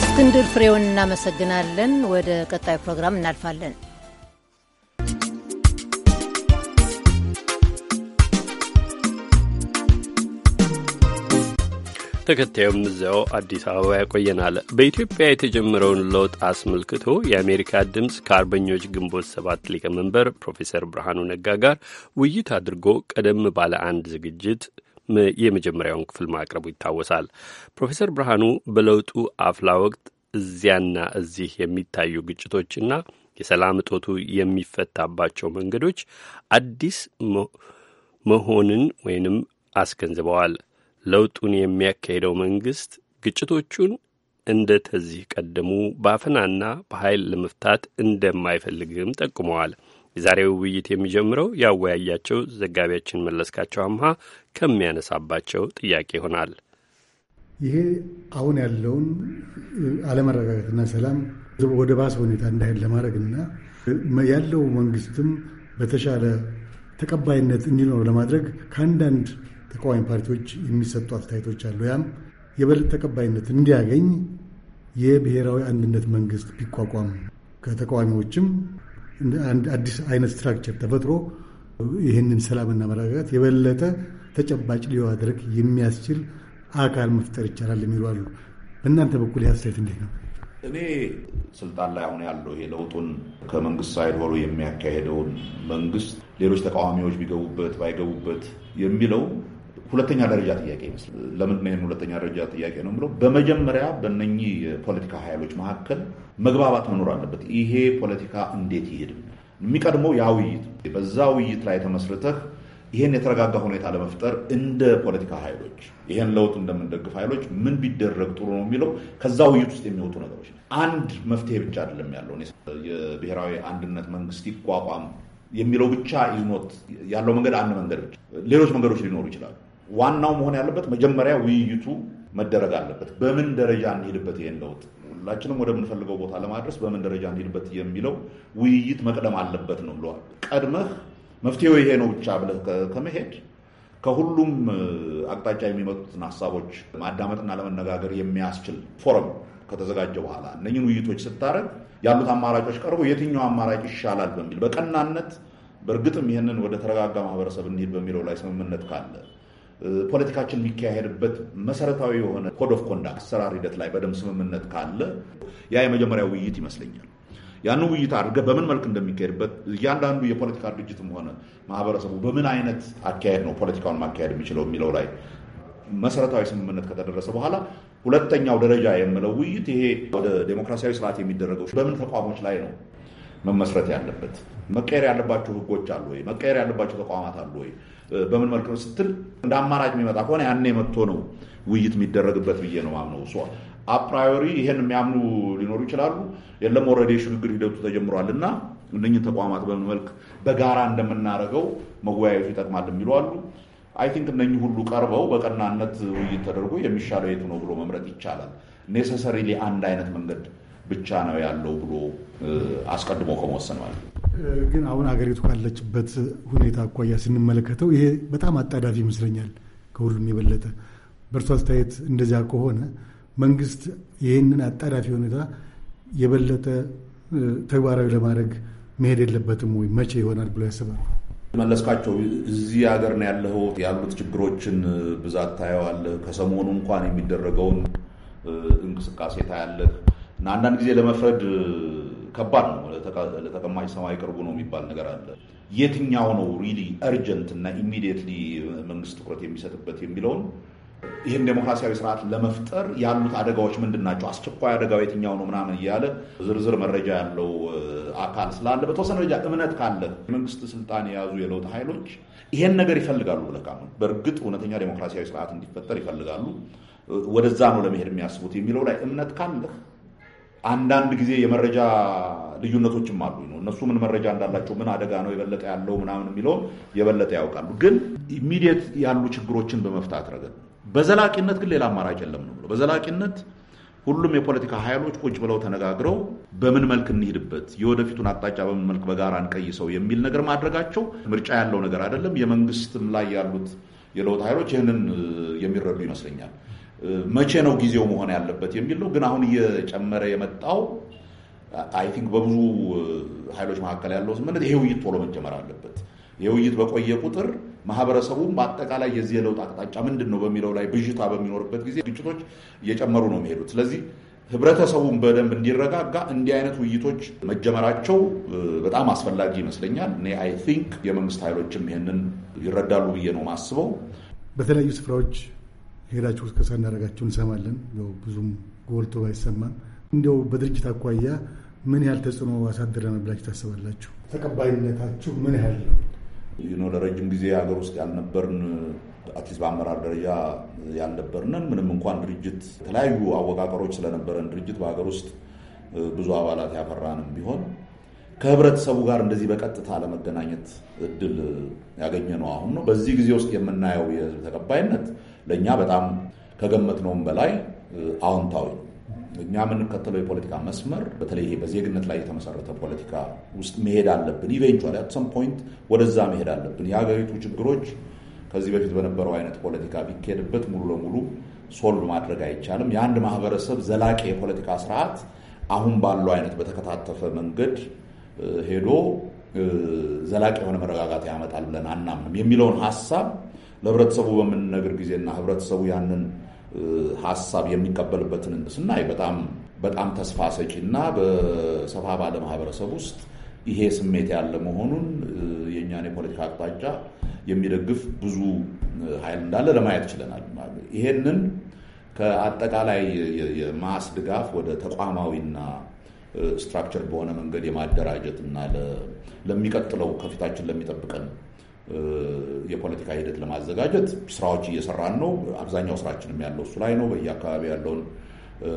እስክንድር ፍሬውን እናመሰግናለን። ወደ ቀጣዩ ፕሮግራም እናልፋለን። ተከታዩም እዚያው አዲስ አበባ ያቆየናል። በኢትዮጵያ የተጀመረውን ለውጥ አስመልክቶ የአሜሪካ ድምፅ ከአርበኞች ግንቦት ሰባት ሊቀመንበር ፕሮፌሰር ብርሃኑ ነጋ ጋር ውይይት አድርጎ ቀደም ባለ አንድ ዝግጅት የመጀመሪያውን ክፍል ማቅረቡ ይታወሳል። ፕሮፌሰር ብርሃኑ በለውጡ አፍላ ወቅት እዚያና እዚህ የሚታዩ ግጭቶችና የሰላም እጦቱ የሚፈታባቸው መንገዶች አዲስ መሆንን ወይንም አስገንዝበዋል። ለውጡን የሚያካሄደው መንግሥት ግጭቶቹን እንደ ተዚህ ቀደሙ በአፈናና በኃይል ለመፍታት እንደማይፈልግም ጠቁመዋል። የዛሬው ውይይት የሚጀምረው ያወያያቸው ዘጋቢያችን መለስካቸው አምሃ ከሚያነሳባቸው ጥያቄ ይሆናል። ይሄ አሁን ያለውን አለመረጋጋትና ሰላም ወደ ባሰ ሁኔታ እንዳይሄድ ለማድረግና ያለው መንግስትም በተሻለ ተቀባይነት እንዲኖር ለማድረግ ከአንዳንድ ተቃዋሚ ፓርቲዎች የሚሰጡ አስተያየቶች አሉ። ያም የበለጠ ተቀባይነት እንዲያገኝ የብሔራዊ አንድነት መንግስት ቢቋቋም ከተቃዋሚዎችም አዲስ አይነት ስትራክቸር ተፈጥሮ ይህንን ሰላምና መረጋጋት የበለጠ ተጨባጭ ሊያደርግ የሚያስችል አካል መፍጠር ይቻላል የሚሉ አሉ። በእናንተ በኩል ያስተያየት እንዴት ነው? እኔ ስልጣን ላይ አሁን ያለው ይሄ ለውጡን ከመንግስት ሳይድ ሆኖ የሚያካሄደውን መንግስት ሌሎች ተቃዋሚዎች ቢገቡበት ባይገቡበት የሚለው ሁለተኛ ደረጃ ጥያቄ ይመስላል። ለምንድን ነው ሁለተኛ ደረጃ ጥያቄ ነው ብሎ በመጀመሪያ በእነኚህ የፖለቲካ ኃይሎች መካከል መግባባት መኖር አለበት። ይሄ ፖለቲካ እንዴት ይሄድ የሚቀድመው ያ ውይይት በዛ ውይይት ላይ ተመስርተህ ይህን የተረጋጋ ሁኔታ ለመፍጠር እንደ ፖለቲካ ኃይሎች ይህን ለውጥ እንደምንደግፍ ኃይሎች ምን ቢደረግ ጥሩ ነው የሚለው ከዛ ውይይት ውስጥ የሚወጡ ነገሮች አንድ መፍትሄ ብቻ አይደለም ያለው። የብሔራዊ አንድነት መንግስት ይቋቋም የሚለው ብቻ ይኖት ያለው መንገድ አንድ መንገድ ብቻ፣ ሌሎች መንገዶች ሊኖሩ ይችላሉ። ዋናው መሆን ያለበት መጀመሪያ ውይይቱ መደረግ አለበት። በምን ደረጃ እንሄድበት ይሄን ለውጥ ሁላችንም ወደምንፈልገው ቦታ ለማድረስ በምን ደረጃ እንሄድበት የሚለው ውይይት መቅደም አለበት ነው ብለዋል። ቀድመህ መፍትሄው ይሄ ነው ብቻ ብለህ ከመሄድ ከሁሉም አቅጣጫ የሚመጡትን ሀሳቦች ማዳመጥና ለመነጋገር የሚያስችል ፎረም ከተዘጋጀ በኋላ እነኝን ውይይቶች ስታደርግ ያሉት አማራጮች ቀርቦ የትኛው አማራጭ ይሻላል በሚል በቀናነት በእርግጥም ይህንን ወደ ተረጋጋ ማህበረሰብ እንሄድ በሚለው ላይ ስምምነት ካለ ፖለቲካችን የሚካሄድበት መሰረታዊ የሆነ ኮድ ኦፍ ኮንዳክት አሰራር ሂደት ላይ በደንብ ስምምነት ካለ ያ የመጀመሪያ ውይይት ይመስለኛል። ያንን ውይይት አድርገህ በምን መልክ እንደሚካሄድበት እያንዳንዱ የፖለቲካ ድርጅትም ሆነ ማህበረሰቡ በምን አይነት አካሄድ ነው ፖለቲካውን ማካሄድ የሚችለው የሚለው ላይ መሰረታዊ ስምምነት ከተደረሰ በኋላ ሁለተኛው ደረጃ የምለው ውይይት ይሄ ወደ ዴሞክራሲያዊ ስርዓት የሚደረገው በምን ተቋሞች ላይ ነው መመስረት ያለበት፣ መቀየር ያለባቸው ህጎች አሉ ወይ፣ መቀየር ያለባቸው ተቋማት አሉ ወይ፣ በምን መልክ ነው ስትል እንደ አማራጭ የሚመጣ ከሆነ ያኔ መጥቶ ነው ውይይት የሚደረግበት ብዬ ነው ማምነው። አፕራዮሪ ይሄን የሚያምኑ ሊኖሩ ይችላሉ። የለም ወረደ የሽግግር ሂደቱ ተጀምሯል እና እነኝህ ተቋማት በምን መልክ በጋራ እንደምናደርገው መወያየቱ ይጠቅማል የሚሉ አሉ። አይ ቲንክ ሁሉ ቀርበው በቀናነት ውይይት ተደርጎ የሚሻለው የቱ ነው ብሎ መምረጥ ይቻላል። ኔሰሰሪሊ አንድ አይነት መንገድ ብቻ ነው ያለው ብሎ አስቀድሞ ከመወሰን ማለት ነው። ግን አሁን አገሪቱ ካለችበት ሁኔታ አኳያ ስንመለከተው ይሄ በጣም አጣዳፊ ይመስለኛል። ከሁሉም የበለጠ በእርሱ አስተያየት እንደዚያ ከሆነ መንግስት ይህንን አጣዳፊ ሁኔታ የበለጠ ተግባራዊ ለማድረግ መሄድ የለበትም ወይ? መቼ ይሆናል ብሎ ያስባል? መለስካቸው፣ እዚህ ሀገር ነው ያለው ያሉት ችግሮችን ብዛት ታየዋለህ። ከሰሞኑ እንኳን የሚደረገውን እንቅስቃሴ ታያለህ እና አንዳንድ ጊዜ ለመፍረድ ከባድ ነው። ለተቀማጭ ሰማይ ቅርቡ ነው የሚባል ነገር አለ። የትኛው ነው ሪሊ እርጀንት እና ኢሚዲየትሊ መንግስት ትኩረት የሚሰጥበት የሚለውን ይህን ዴሞክራሲያዊ ስርዓት ለመፍጠር ያሉት አደጋዎች ምንድን ናቸው? አስቸኳይ አደጋው የትኛው ነው ምናምን እያለ ዝርዝር መረጃ ያለው አካል ስላለ በተወሰነ ደረጃ እምነት ካለ የመንግስት ስልጣን የያዙ የለውጥ ኃይሎች ይሄን ነገር ይፈልጋሉ ብለካም በእርግጥ እውነተኛ ዴሞክራሲያዊ ስርዓት እንዲፈጠር ይፈልጋሉ፣ ወደዛ ነው ለመሄድ የሚያስቡት የሚለው ላይ እምነት ካለህ አንዳንድ ጊዜ የመረጃ ልዩነቶችም አሉ ነው። እነሱ ምን መረጃ እንዳላቸው ምን አደጋ ነው የበለጠ ያለው ምናምን የሚለውን የበለጠ ያውቃሉ። ግን ኢሚዲየት ያሉ ችግሮችን በመፍታት ረገድ በዘላቂነት ግን ሌላ አማራጭ የለም ነው። በዘላቂነት ሁሉም የፖለቲካ ኃይሎች ቁጭ ብለው ተነጋግረው በምን መልክ እንሄድበት የወደፊቱን አቅጣጫ በምን መልክ በጋራ እንቀይሰው የሚል ነገር ማድረጋቸው ምርጫ ያለው ነገር አይደለም። የመንግስትም ላይ ያሉት የለውጥ ኃይሎች ይህንን የሚረዱ ይመስለኛል። መቼ ነው ጊዜው መሆን ያለበት የሚል ነው። ግን አሁን እየጨመረ የመጣው አይ ቲንክ በብዙ ኃይሎች መካከል ያለው ስምምነት ይሄ ውይይት ቶሎ መጀመር አለበት። ይሄ ውይይት በቆየ ቁጥር ማህበረሰቡም በአጠቃላይ የዚህ የለውጥ አቅጣጫ ምንድን ነው በሚለው ላይ ብዥታ በሚኖርበት ጊዜ ግጭቶች እየጨመሩ ነው የሚሄዱት። ስለዚህ ህብረተሰቡን በደንብ እንዲረጋጋ እንዲህ አይነት ውይይቶች መጀመራቸው በጣም አስፈላጊ ይመስለኛል። እኔ አይ ቲንክ የመንግስት ኃይሎችም ይህንን ይረዳሉ ብዬ ነው ማስበው። በተለያዩ ስፍራዎች ሄዳችሁ ቅስቀሳ እንዳደረጋችሁ እንሰማለን። ብዙም ጎልቶ ባይሰማን እንዲያው በድርጅት አኳያ ምን ያህል ተጽዕኖ አሳድረን ብላችሁ ታስባላችሁ? ተቀባይነታችሁ ምን ያህል ነው? ነው ለረጅም ጊዜ ሀገር ውስጥ ያልነበርን አትሊስት በአመራር ደረጃ ያልነበርንን ምንም እንኳን ድርጅት የተለያዩ አወቃቀሮች ስለነበረን ድርጅት በሀገር ውስጥ ብዙ አባላት ያፈራንም ቢሆን ከህብረተሰቡ ጋር እንደዚህ በቀጥታ ለመገናኘት እድል ያገኘ ነው አሁን ነው። በዚህ ጊዜ ውስጥ የምናየው የህዝብ ተቀባይነት ለእኛ በጣም ከገመትነውም በላይ አዎንታዊ እኛ የምንከተለው የፖለቲካ መስመር በተለይ ይሄ በዜግነት ላይ የተመሰረተ ፖለቲካ ውስጥ መሄድ አለብን። ኢቬንቹዋሊ አት ሰም ፖይንት ወደዛ መሄድ አለብን። የሀገሪቱ ችግሮች ከዚህ በፊት በነበረው አይነት ፖለቲካ ቢካሄድበት ሙሉ ለሙሉ ሶልቭ ማድረግ አይቻልም። የአንድ ማህበረሰብ ዘላቂ የፖለቲካ ስርዓት አሁን ባለው አይነት በተከታተፈ መንገድ ሄዶ ዘላቂ የሆነ መረጋጋት ያመጣል ብለን አናምንም የሚለውን ሀሳብ ለህብረተሰቡ በምንነግር ጊዜና ህብረተሰቡ ያንን ሀሳብ የሚቀበልበትን ስናይ በጣም በጣም ተስፋ ሰጪና በሰፋ ባለ ማህበረሰብ ውስጥ ይሄ ስሜት ያለ መሆኑን የእኛን የፖለቲካ አቅጣጫ የሚደግፍ ብዙ ኃይል እንዳለ ለማየት ችለናል። ይሄንን ከአጠቃላይ የማስ ድጋፍ ወደ ተቋማዊና ስትራክቸር በሆነ መንገድ የማደራጀት እና ለሚቀጥለው ከፊታችን ለሚጠብቀን የፖለቲካ ሂደት ለማዘጋጀት ስራዎች እየሰራን ነው። አብዛኛው ስራችንም ያለው እሱ ላይ ነው። በየአካባቢ ያለውን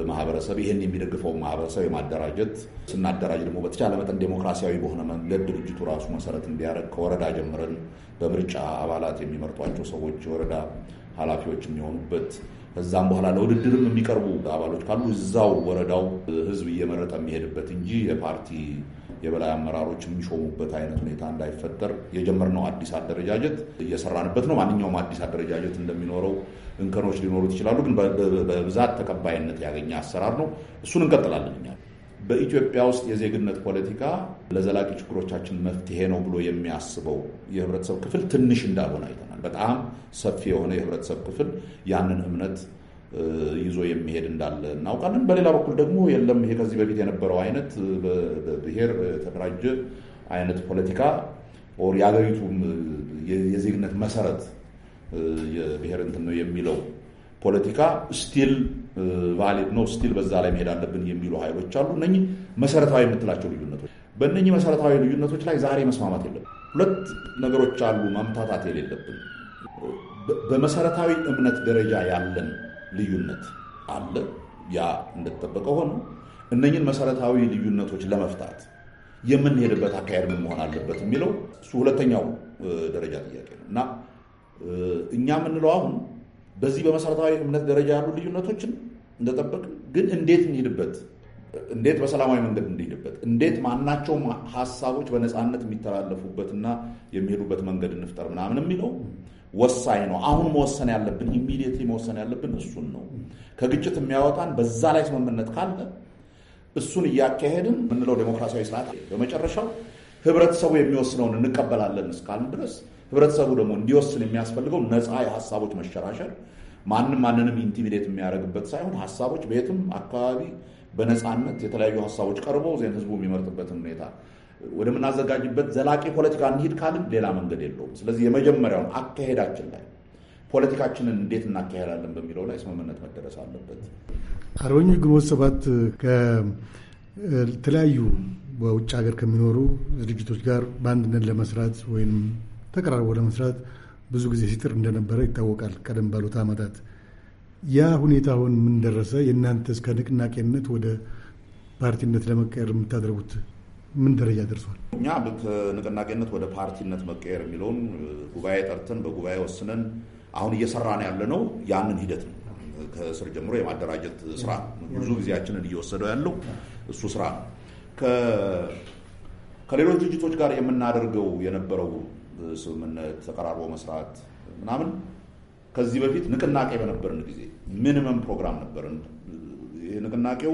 ማህበረሰብ ይህን የሚደግፈውን ማህበረሰብ የማደራጀት ስናደራጅ ደግሞ በተቻለ መጠን ዴሞክራሲያዊ በሆነ መንገድ ድርጅቱ ራሱ መሰረት እንዲያደርግ ከወረዳ ጀምረን በምርጫ አባላት የሚመርጧቸው ሰዎች የወረዳ ኃላፊዎች የሚሆኑበት ከዛም በኋላ ለውድድርም የሚቀርቡ አባሎች ካሉ እዛው ወረዳው ህዝብ እየመረጠ የሚሄድበት እንጂ የፓርቲ የበላይ አመራሮች የሚሾሙበት አይነት ሁኔታ እንዳይፈጠር የጀመርነው አዲስ አደረጃጀት እየሰራንበት ነው። ማንኛውም አዲስ አደረጃጀት እንደሚኖረው እንከኖች ሊኖሩት ይችላሉ፣ ግን በብዛት ተቀባይነት ያገኘ አሰራር ነው። እሱን እንቀጥላለን። እኛ በኢትዮጵያ ውስጥ የዜግነት ፖለቲካ ለዘላቂ ችግሮቻችን መፍትሄ ነው ብሎ የሚያስበው የህብረተሰብ ክፍል ትንሽ እንዳልሆነ አይተናል። በጣም ሰፊ የሆነ የህብረተሰብ ክፍል ያንን እምነት ይዞ የሚሄድ እንዳለ እናውቃለን። በሌላ በኩል ደግሞ የለም ይሄ ከዚህ በፊት የነበረው አይነት በብሔር የተደራጀ አይነት ፖለቲካ ኦር የሀገሪቱም የዜግነት መሰረት የብሔር እንትን ነው የሚለው ፖለቲካ ስቲል ቫሊድ ነው፣ ስቲል በዛ ላይ መሄድ አለብን የሚሉ ኃይሎች አሉ። እነኚህ መሰረታዊ የምትላቸው ልዩነቶች፣ በእነኚህ መሰረታዊ ልዩነቶች ላይ ዛሬ መስማማት የለብን። ሁለት ነገሮች አሉ ማምታታት የሌለብን በመሰረታዊ እምነት ደረጃ ያለን ልዩነት አለ። ያ እንደተጠበቀ ሆኖ እነኝን መሰረታዊ ልዩነቶች ለመፍታት የምንሄድበት አካሄድ ምን መሆን አለበት የሚለው እሱ ሁለተኛው ደረጃ ጥያቄ ነው እና እኛ የምንለው አሁን በዚህ በመሰረታዊ እምነት ደረጃ ያሉ ልዩነቶችን እንደጠበቅን ግን እንዴት እንሄድበት እንዴት በሰላማዊ መንገድ እንሄድበት እንዴት ማናቸውም ሀሳቦች በነፃነት የሚተላለፉበትና የሚሄዱበት መንገድ እንፍጠር ምናምን የሚለው ወሳኝ ነው። አሁን መወሰን ያለብን ኢሚዲት መወሰን ያለብን እሱን ነው። ከግጭት የሚያወጣን በዛ ላይ ስምምነት ካለ እሱን እያካሄድን የምንለው ዴሞክራሲያዊ ስርዓት በመጨረሻው ህብረተሰቡ የሚወስነውን እንቀበላለን እስካልን ድረስ ህብረተሰቡ ደግሞ እንዲወስን የሚያስፈልገው ነፃ የሀሳቦች መሸራሸር፣ ማንም ማንንም ኢንቲሚዴት የሚያደርግበት ሳይሆን ሀሳቦች ቤትም አካባቢ በነፃነት የተለያዩ ሀሳቦች ቀርቦ ዜን ህዝቡ የሚመርጥበትን ሁኔታ ወደምናዘጋጅበት ዘላቂ ፖለቲካ እንሂድ ካልን ሌላ መንገድ የለውም። ስለዚህ የመጀመሪያውን አካሄዳችን ላይ ፖለቲካችንን እንዴት እናካሄዳለን በሚለው ላይ ስምምነት መደረስ አለበት። አርበኞች ግንቦት ሰባት ከተለያዩ በውጭ ሀገር ከሚኖሩ ድርጅቶች ጋር በአንድነት ለመስራት ወይም ተቀራርቦ ለመስራት ብዙ ጊዜ ሲጥር እንደነበረ ይታወቃል። ቀደም ባሉት ዓመታት ያ ሁኔታ አሁን ምን ደረሰ? የእናንተ እስከ ንቅናቄነት ወደ ፓርቲነት ለመቀየር የምታደርጉት ምን ደረጃ ደርሷል? እኛ ከንቅናቄነት ወደ ፓርቲነት መቀየር የሚለውን ጉባኤ ጠርተን በጉባኤ ወስነን አሁን እየሰራን ያለነው ያንን ሂደት ነው። ከስር ጀምሮ የማደራጀት ስራ ብዙ ጊዜያችንን እየወሰደው ያለው እሱ ስራ ነው። ከሌሎች ድርጅቶች ጋር የምናደርገው የነበረው ስምምነት፣ ተቀራርቦ መስራት ምናምን ከዚህ በፊት ንቅናቄ በነበርን ጊዜ ሚኒመም ፕሮግራም ነበርን። ንቅናቄው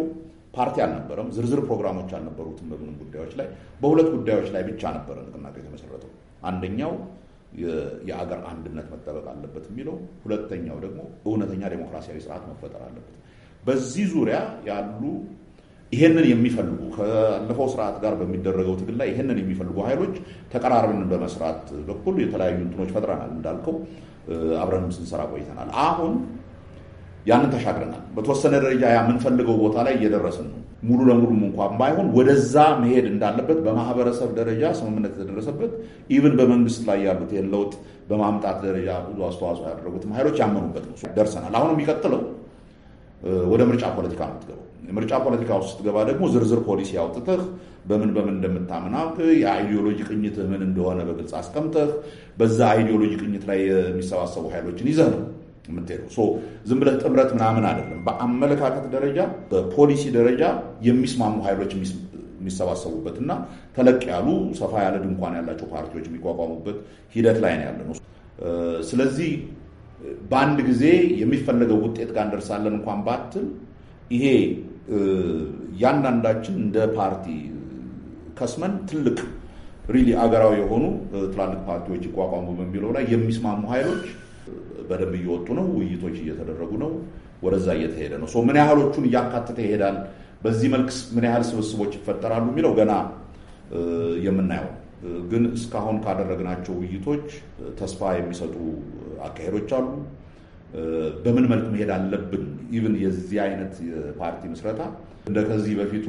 ፓርቲ አልነበረም። ዝርዝር ፕሮግራሞች አልነበሩትም። በምንም ጉዳዮች ላይ በሁለት ጉዳዮች ላይ ብቻ ነበረ ንቅናቄ የተመሰረተው። አንደኛው የአገር አንድነት መጠበቅ አለበት የሚለው፣ ሁለተኛው ደግሞ እውነተኛ ዴሞክራሲያዊ ስርዓት መፈጠር አለበት። በዚህ ዙሪያ ያሉ ይሄንን የሚፈልጉ ካለፈው ስርዓት ጋር በሚደረገው ትግል ላይ ይሄንን የሚፈልጉ ኃይሎች ተቀራርበን በመስራት በኩል የተለያዩ እንትኖች ፈጥረናል። እንዳልከው አብረንም ስንሰራ ቆይተናል። አሁን ያንን ተሻግረናል። በተወሰነ ደረጃ የምንፈልገው ቦታ ላይ እየደረስን ነው። ሙሉ ለሙሉም እንኳን ባይሆን ወደዛ መሄድ እንዳለበት በማህበረሰብ ደረጃ ስምምነት የተደረሰበት ኢቭን በመንግስት ላይ ያሉት ይህን ለውጥ በማምጣት ደረጃ ብዙ አስተዋጽኦ ያደረጉት ኃይሎች ያመኑበት ነው። ደርሰናል። አሁን የሚቀጥለው ወደ ምርጫ ፖለቲካ ነው የምትገባው። የምርጫ ፖለቲካ ውስጥ ስትገባ ደግሞ ዝርዝር ፖሊሲ አውጥተህ በምን በምን እንደምታምናት የአይዲዮሎጂ ቅኝትህ ምን እንደሆነ በግልጽ አስቀምጠህ በዛ አይዲዮሎጂ ቅኝት ላይ የሚሰባሰቡ ኃይሎችን ይዘህ ነው የምትሄደው ሶ ዝም ብለህ ጥምረት ምናምን አይደለም። በአመለካከት ደረጃ በፖሊሲ ደረጃ የሚስማሙ ኃይሎች የሚሰባሰቡበት እና ተለቅ ያሉ ሰፋ ያለ ድንኳን ያላቸው ፓርቲዎች የሚቋቋሙበት ሂደት ላይ ነው ያለ ነው። ስለዚህ በአንድ ጊዜ የሚፈለገው ውጤት ጋር እንደርሳለን እንኳን ባትል ይሄ እያንዳንዳችን እንደ ፓርቲ ከስመን ትልቅ ሪሊ አገራዊ የሆኑ ትላልቅ ፓርቲዎች ይቋቋሙ በሚለው ላይ የሚስማሙ ኃይሎች በደንብ እየወጡ ነው። ውይይቶች እየተደረጉ ነው። ወደዛ እየተሄደ ነው። ምን ያህሎቹን እያካተተ ይሄዳል፣ በዚህ መልክ ምን ያህል ስብስቦች ይፈጠራሉ የሚለው ገና የምናየው ግን እስካሁን ካደረግናቸው ውይይቶች ተስፋ የሚሰጡ አካሄዶች አሉ። በምን መልክ መሄድ አለብን? ኢቭን የዚህ አይነት ፓርቲ ምስረታ እንደ ከዚህ በፊቱ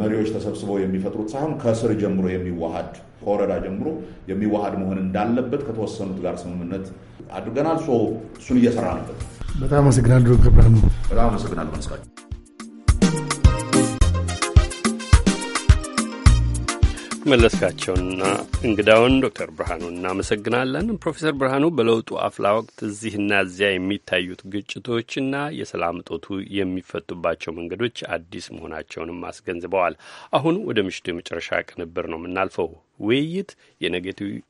መሪዎች ተሰብስበው የሚፈጥሩት ሳይሆን ከስር ጀምሮ የሚዋሃድ ከወረዳ ጀምሮ የሚዋሃድ መሆን እንዳለበት ከተወሰኑት ጋር ስምምነት አድርገናል። እሱን እየሰራንበት። በጣም አመሰግናለሁ። በጣም አመሰግናለሁ። መለስካቸውና እንግዳውን ዶክተር ብርሃኑ እናመሰግናለን። ፕሮፌሰር ብርሃኑ በለውጡ አፍላ ወቅት እዚህና እዚያ የሚታዩት ግጭቶችና የሰላም እጦቱ የሚፈቱባቸው መንገዶች አዲስ መሆናቸውንም አስገንዝበዋል። አሁን ወደ ምሽቱ የመጨረሻ ቅንብር ነው የምናልፈው። ውይይት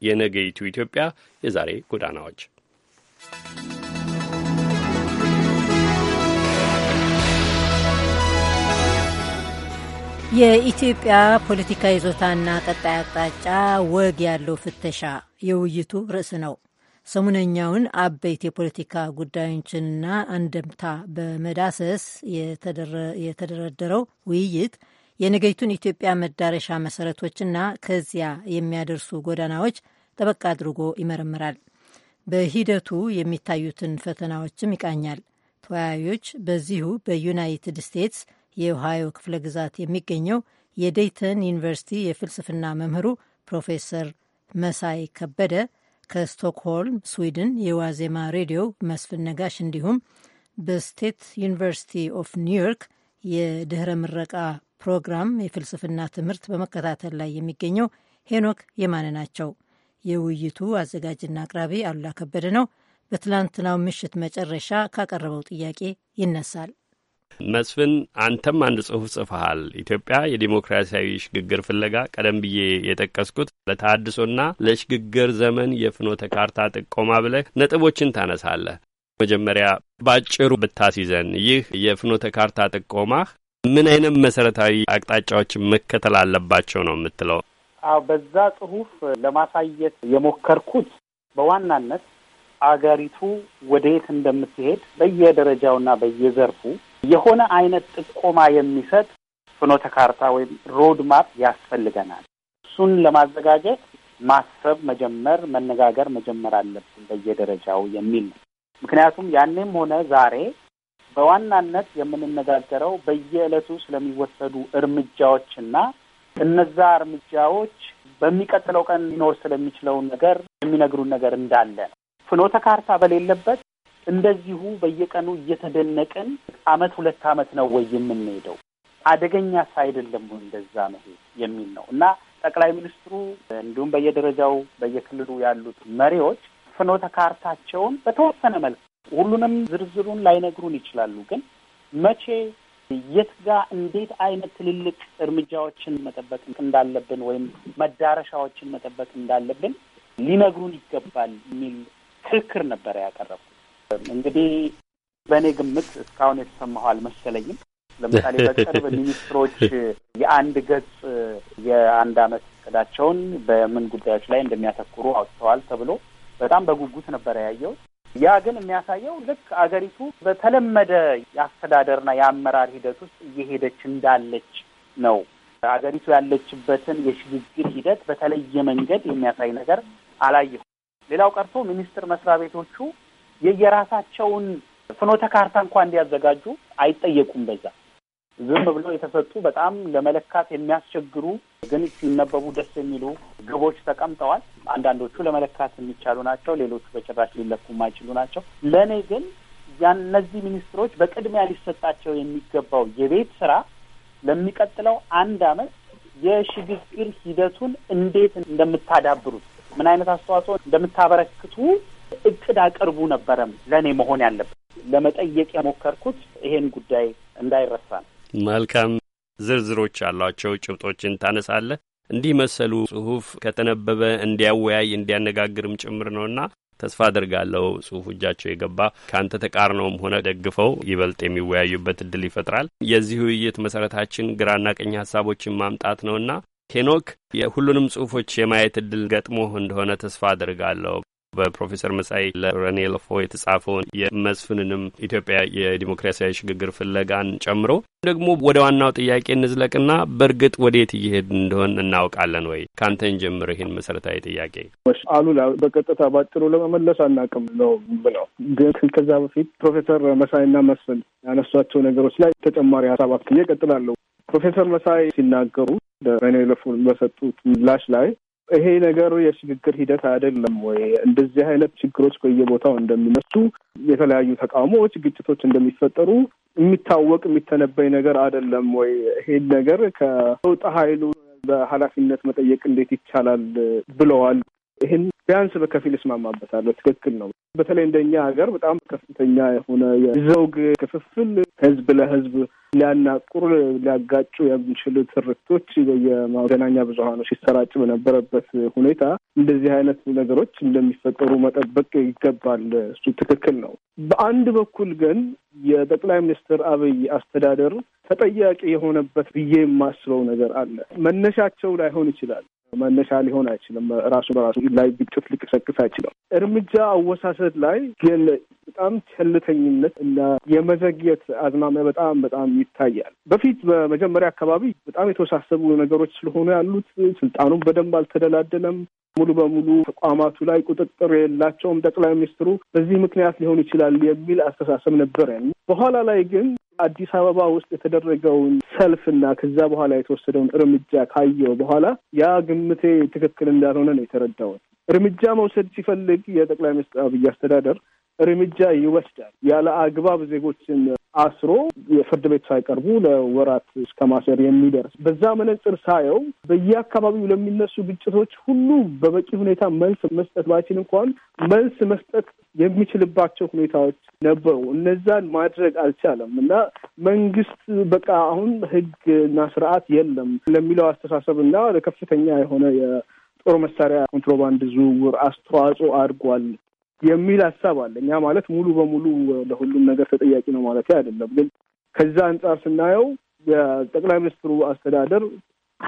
የነገይቱ ኢትዮጵያ የዛሬ ጎዳናዎች የኢትዮጵያ ፖለቲካ ይዞታና ቀጣይ አቅጣጫ ወግ ያለው ፍተሻ የውይይቱ ርዕስ ነው። ሰሙነኛውን አበይት የፖለቲካ ጉዳዮችንና አንደምታ በመዳሰስ የተደረደረው ውይይት የነገይቱን ኢትዮጵያ መዳረሻ መሰረቶችና ከዚያ የሚያደርሱ ጎዳናዎች ጠበቅ አድርጎ ይመረምራል። በሂደቱ የሚታዩትን ፈተናዎችም ይቃኛል። ተወያዮች በዚሁ በዩናይትድ ስቴትስ የኦሃዮ ክፍለ ግዛት የሚገኘው የዴይተን ዩኒቨርሲቲ የፍልስፍና መምህሩ ፕሮፌሰር መሳይ ከበደ ከስቶክሆልም ስዊድን የዋዜማ ሬዲዮ መስፍን ነጋሽ እንዲሁም በስቴት ዩኒቨርሲቲ ኦፍ ኒውዮርክ የድኅረ ምረቃ ፕሮግራም የፍልስፍና ትምህርት በመከታተል ላይ የሚገኘው ሄኖክ የማነ ናቸው። የውይይቱ አዘጋጅና አቅራቢ አሉላ ከበደ ነው። በትላንትናው ምሽት መጨረሻ ካቀረበው ጥያቄ ይነሳል። መስፍን አንተም አንድ ጽሁፍ ጽፈሃል። ኢትዮጵያ የዲሞክራሲያዊ ሽግግር ፍለጋ ቀደም ብዬ የጠቀስኩት ለተሃድሶና ለሽግግር ዘመን የፍኖተ ካርታ ጥቆማ ብለህ ነጥቦችን ታነሳለህ። መጀመሪያ ባጭሩ ብታስይዘን ይህ የፍኖተ ካርታ ጥቆማህ ምን አይነት መሰረታዊ አቅጣጫዎችን መከተል አለባቸው ነው የምትለው? አዎ በዛ ጽሁፍ ለማሳየት የሞከርኩት በዋናነት አገሪቱ ወደየት እንደምትሄድ በየደረጃውና በየዘርፉ የሆነ አይነት ጥቆማ የሚሰጥ ፍኖተ ካርታ ወይም ሮድ ማፕ ያስፈልገናል። እሱን ለማዘጋጀት ማሰብ መጀመር፣ መነጋገር መጀመር አለብን በየደረጃው የሚል ነው። ምክንያቱም ያኔም ሆነ ዛሬ በዋናነት የምንነጋገረው በየዕለቱ ስለሚወሰዱ እርምጃዎችና እነዛ እርምጃዎች በሚቀጥለው ቀን ሊኖር ስለሚችለው ነገር የሚነግሩን ነገር እንዳለ ነው። ፍኖተ ካርታ በሌለበት እንደዚሁ በየቀኑ እየተደነቀን አመት ሁለት አመት ነው ወይ የምንሄደው? አደገኛ ሳይደለም እንደዛ መሄድ የሚል ነው እና ጠቅላይ ሚኒስትሩ እንዲሁም በየደረጃው በየክልሉ ያሉት መሪዎች ፍኖተ ካርታቸውን በተወሰነ መልክ ሁሉንም ዝርዝሩን ላይነግሩን ይችላሉ። ግን መቼ፣ የት ጋር እንዴት አይነት ትልልቅ እርምጃዎችን መጠበቅ እንዳለብን ወይም መዳረሻዎችን መጠበቅ እንዳለብን ሊነግሩን ይገባል የሚል ክርክር ነበረ ያቀረቡ እንግዲህ በእኔ ግምት እስካሁን የተሰማሁ አልመሰለኝም። ለምሳሌ በቅርብ ሚኒስትሮች የአንድ ገጽ የአንድ አመት እቅዳቸውን በምን ጉዳዮች ላይ እንደሚያተኩሩ አውጥተዋል ተብሎ በጣም በጉጉት ነበረ ያየው። ያ ግን የሚያሳየው ልክ አገሪቱ በተለመደ የአስተዳደርና የአመራር ሂደት ውስጥ እየሄደች እንዳለች ነው። አገሪቱ ያለችበትን የሽግግር ሂደት በተለየ መንገድ የሚያሳይ ነገር አላየሁ ሌላው ቀርቶ ሚኒስትር መስሪያ ቤቶቹ የየራሳቸውን ፍኖተ ካርታ እንኳ እንዲያዘጋጁ አይጠየቁም። በዛ ዝም ብለው የተሰጡ በጣም ለመለካት የሚያስቸግሩ ግን ሲነበቡ ደስ የሚሉ ግቦች ተቀምጠዋል። አንዳንዶቹ ለመለካት የሚቻሉ ናቸው፣ ሌሎቹ በጭራሽ ሊለኩ የማይችሉ ናቸው። ለእኔ ግን እነዚህ ሚኒስትሮች በቅድሚያ ሊሰጣቸው የሚገባው የቤት ስራ ለሚቀጥለው አንድ አመት የሽግግር ሂደቱን እንዴት እንደምታዳብሩት ምን አይነት አስተዋጽኦ እንደምታበረክቱ እቅድ አቅርቡ ነበረም ለእኔ መሆን ያለበት ለመጠየቅ የሞከርኩት ይሄን ጉዳይ እንዳይረሳ ነው። መልካም ዝርዝሮች ያሏቸው ጭብጦችን ታነሳለህ። እንዲህ መሰሉ ጽሁፍ ከተነበበ እንዲያወያይ እንዲያነጋግርም ጭምር ነውና ተስፋ አድርጋለሁ ጽሁፉ እጃቸው የገባ ከአንተ ተቃርነውም ሆነ ደግፈው ይበልጥ የሚወያዩበት እድል ይፈጥራል። የዚህ ውይይት መሰረታችን ግራና ቀኝ ሀሳቦችን ማምጣት ነውና ሄኖክ የሁሉንም ጽሁፎች የማየት እድል ገጥሞ እንደሆነ ተስፋ አድርጋለሁ። በፕሮፌሰር መጻይ ለፎ የተጻፈውን የመስፍንንም ኢትዮጵያ የዲሞክራሲያዊ ሽግግር ፍለጋን ጨምሮ ደግሞ ወደ ዋናው ጥያቄ እንዝለቅና በእርግጥ ወዴት እየሄድ እንደሆን እናውቃለን ወይ? ከአንተን ጀምር ይህን መሰረታዊ ጥያቄ አሉላ በቀጥታ ባጭሩ ለመመለስ አናቅም ነው ብለው ግን ከዛ በፊት ፕሮፌሰር መሳይና መስፍን ያነሷቸው ነገሮች ላይ ተጨማሪ ሀሳብ አክዬ እቀጥላለሁ። ፕሮፌሰር መሳይ ሲናገሩ ለረኔ ለፎ በሰጡት ምላሽ ላይ ይሄ ነገር የሽግግር ሂደት አይደለም ወይ? እንደዚህ አይነት ችግሮች በየቦታው እንደሚነሱ የተለያዩ ተቃውሞዎች፣ ግጭቶች እንደሚፈጠሩ የሚታወቅ የሚተነበይ ነገር አይደለም ወይ? ይሄን ነገር ከለውጥ ኃይሉ በኃላፊነት መጠየቅ እንዴት ይቻላል ብለዋል። ይህን ቢያንስ በከፊል እስማማበታለሁ። ትክክል ነው። በተለይ እንደኛ ሀገር በጣም ከፍተኛ የሆነ የዘውግ ክፍፍል ህዝብ ለህዝብ ሊያናቁር ሊያጋጩ የሚችሉ ትርክቶች የማገናኛ ብዙሀኑ ሲሰራጭ በነበረበት ሁኔታ እንደዚህ አይነት ነገሮች እንደሚፈጠሩ መጠበቅ ይገባል። እሱ ትክክል ነው። በአንድ በኩል ግን የጠቅላይ ሚኒስትር አብይ አስተዳደር ተጠያቂ የሆነበት ብዬ የማስበው ነገር አለ። መነሻቸው ላይሆን ይችላል። መነሻ ሊሆን አይችልም። ራሱ በራሱ ላይ ግጭት ሊቀሰቅስ አይችልም። እርምጃ አወሳሰድ ላይ ግን በጣም ቸልተኝነት እና የመዘግየት አዝማሚያ በጣም በጣም ይታያል። በፊት በመጀመሪያ አካባቢ በጣም የተወሳሰቡ ነገሮች ስለሆኑ ያሉት ስልጣኑም በደንብ አልተደላደለም። ሙሉ በሙሉ ተቋማቱ ላይ ቁጥጥር የላቸውም ጠቅላይ ሚኒስትሩ። በዚህ ምክንያት ሊሆን ይችላል የሚል አስተሳሰብ ነበረ። በኋላ ላይ ግን አዲስ አበባ ውስጥ የተደረገውን ሰልፍና ከዛ በኋላ የተወሰደውን እርምጃ ካየው በኋላ ያ ግምቴ ትክክል እንዳልሆነ ነው የተረዳሁት። እርምጃ መውሰድ ሲፈልግ የጠቅላይ ሚኒስትር አብይ አስተዳደር እርምጃ ይወስዳል። ያለ አግባብ ዜጎችን አስሮ የፍርድ ቤት ሳይቀርቡ ለወራት እስከ ማሰር የሚደርስ በዛ መነጽር ሳየው በየአካባቢው ለሚነሱ ግጭቶች ሁሉ በበቂ ሁኔታ መልስ መስጠት ባይችል እንኳን መልስ መስጠት የሚችልባቸው ሁኔታዎች ነበሩ። እነዛን ማድረግ አልቻለም እና መንግስት በቃ አሁን ህግና ስርዓት የለም ለሚለው አስተሳሰብ እና ለከፍተኛ የሆነ የጦር መሳሪያ ኮንትሮባንድ ዝውውር አስተዋጽኦ አድርጓል የሚል ሀሳብ አለ። እኛ ማለት ሙሉ በሙሉ ለሁሉም ነገር ተጠያቂ ነው ማለት አይደለም፣ ግን ከዛ አንጻር ስናየው የጠቅላይ ሚኒስትሩ አስተዳደር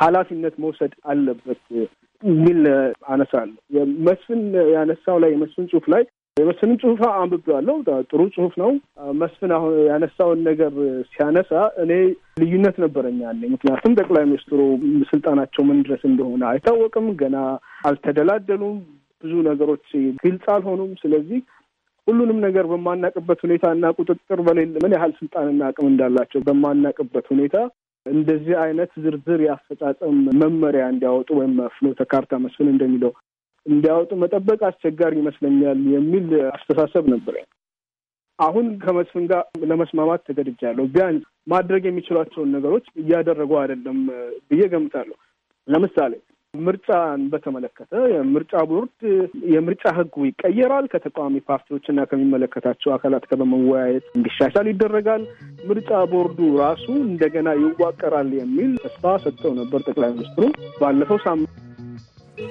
ኃላፊነት መውሰድ አለበት የሚል አነሳለሁ። መስፍን ያነሳው ላይ የመስፍን ጽሁፍ ላይ የመስፍንን ጽሁፍ አንብቤዋለሁ። ጥሩ ጽሁፍ ነው። መስፍን አሁን ያነሳውን ነገር ሲያነሳ እኔ ልዩነት ነበረኝ ያለ ምክንያቱም ጠቅላይ ሚኒስትሩ ስልጣናቸው ምን ድረስ እንደሆነ አይታወቅም፣ ገና አልተደላደሉም። ብዙ ነገሮች ግልጽ አልሆኑም። ስለዚህ ሁሉንም ነገር በማናቅበት ሁኔታ እና ቁጥጥር በሌለ ምን ያህል ስልጣንና አቅም እንዳላቸው በማናቅበት ሁኔታ እንደዚህ አይነት ዝርዝር የአፈጻጸም መመሪያ እንዲያወጡ ወይም ፍኖተ ካርታ መስፍን እንደሚለው እንዲያወጡ መጠበቅ አስቸጋሪ ይመስለኛል የሚል አስተሳሰብ ነበር። አሁን ከመስፍን ጋር ለመስማማት ተገድጃለሁ። ቢያንስ ማድረግ የሚችሏቸውን ነገሮች እያደረጉ አይደለም ብዬ ገምታለሁ። ለምሳሌ ምርጫን በተመለከተ የምርጫ ቦርድ የምርጫ ህጉ ይቀየራል። ከተቃዋሚ ፓርቲዎችና ከሚመለከታቸው አካላት ጋር በመወያየት እንዲሻሻል ይደረጋል። ምርጫ ቦርዱ ራሱ እንደገና ይዋቀራል የሚል ተስፋ ሰጥተው ነበር ጠቅላይ ሚኒስትሩ ባለፈው ሳምንት።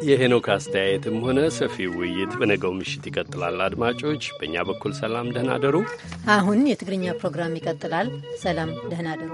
የሄኖክ አስተያየትም ሆነ ሰፊ ውይይት በነገው ምሽት ይቀጥላል። አድማጮች፣ በእኛ በኩል ሰላም ደህና ደሩ። አሁን የትግርኛ ፕሮግራም ይቀጥላል። ሰላም ደህና ደሩ።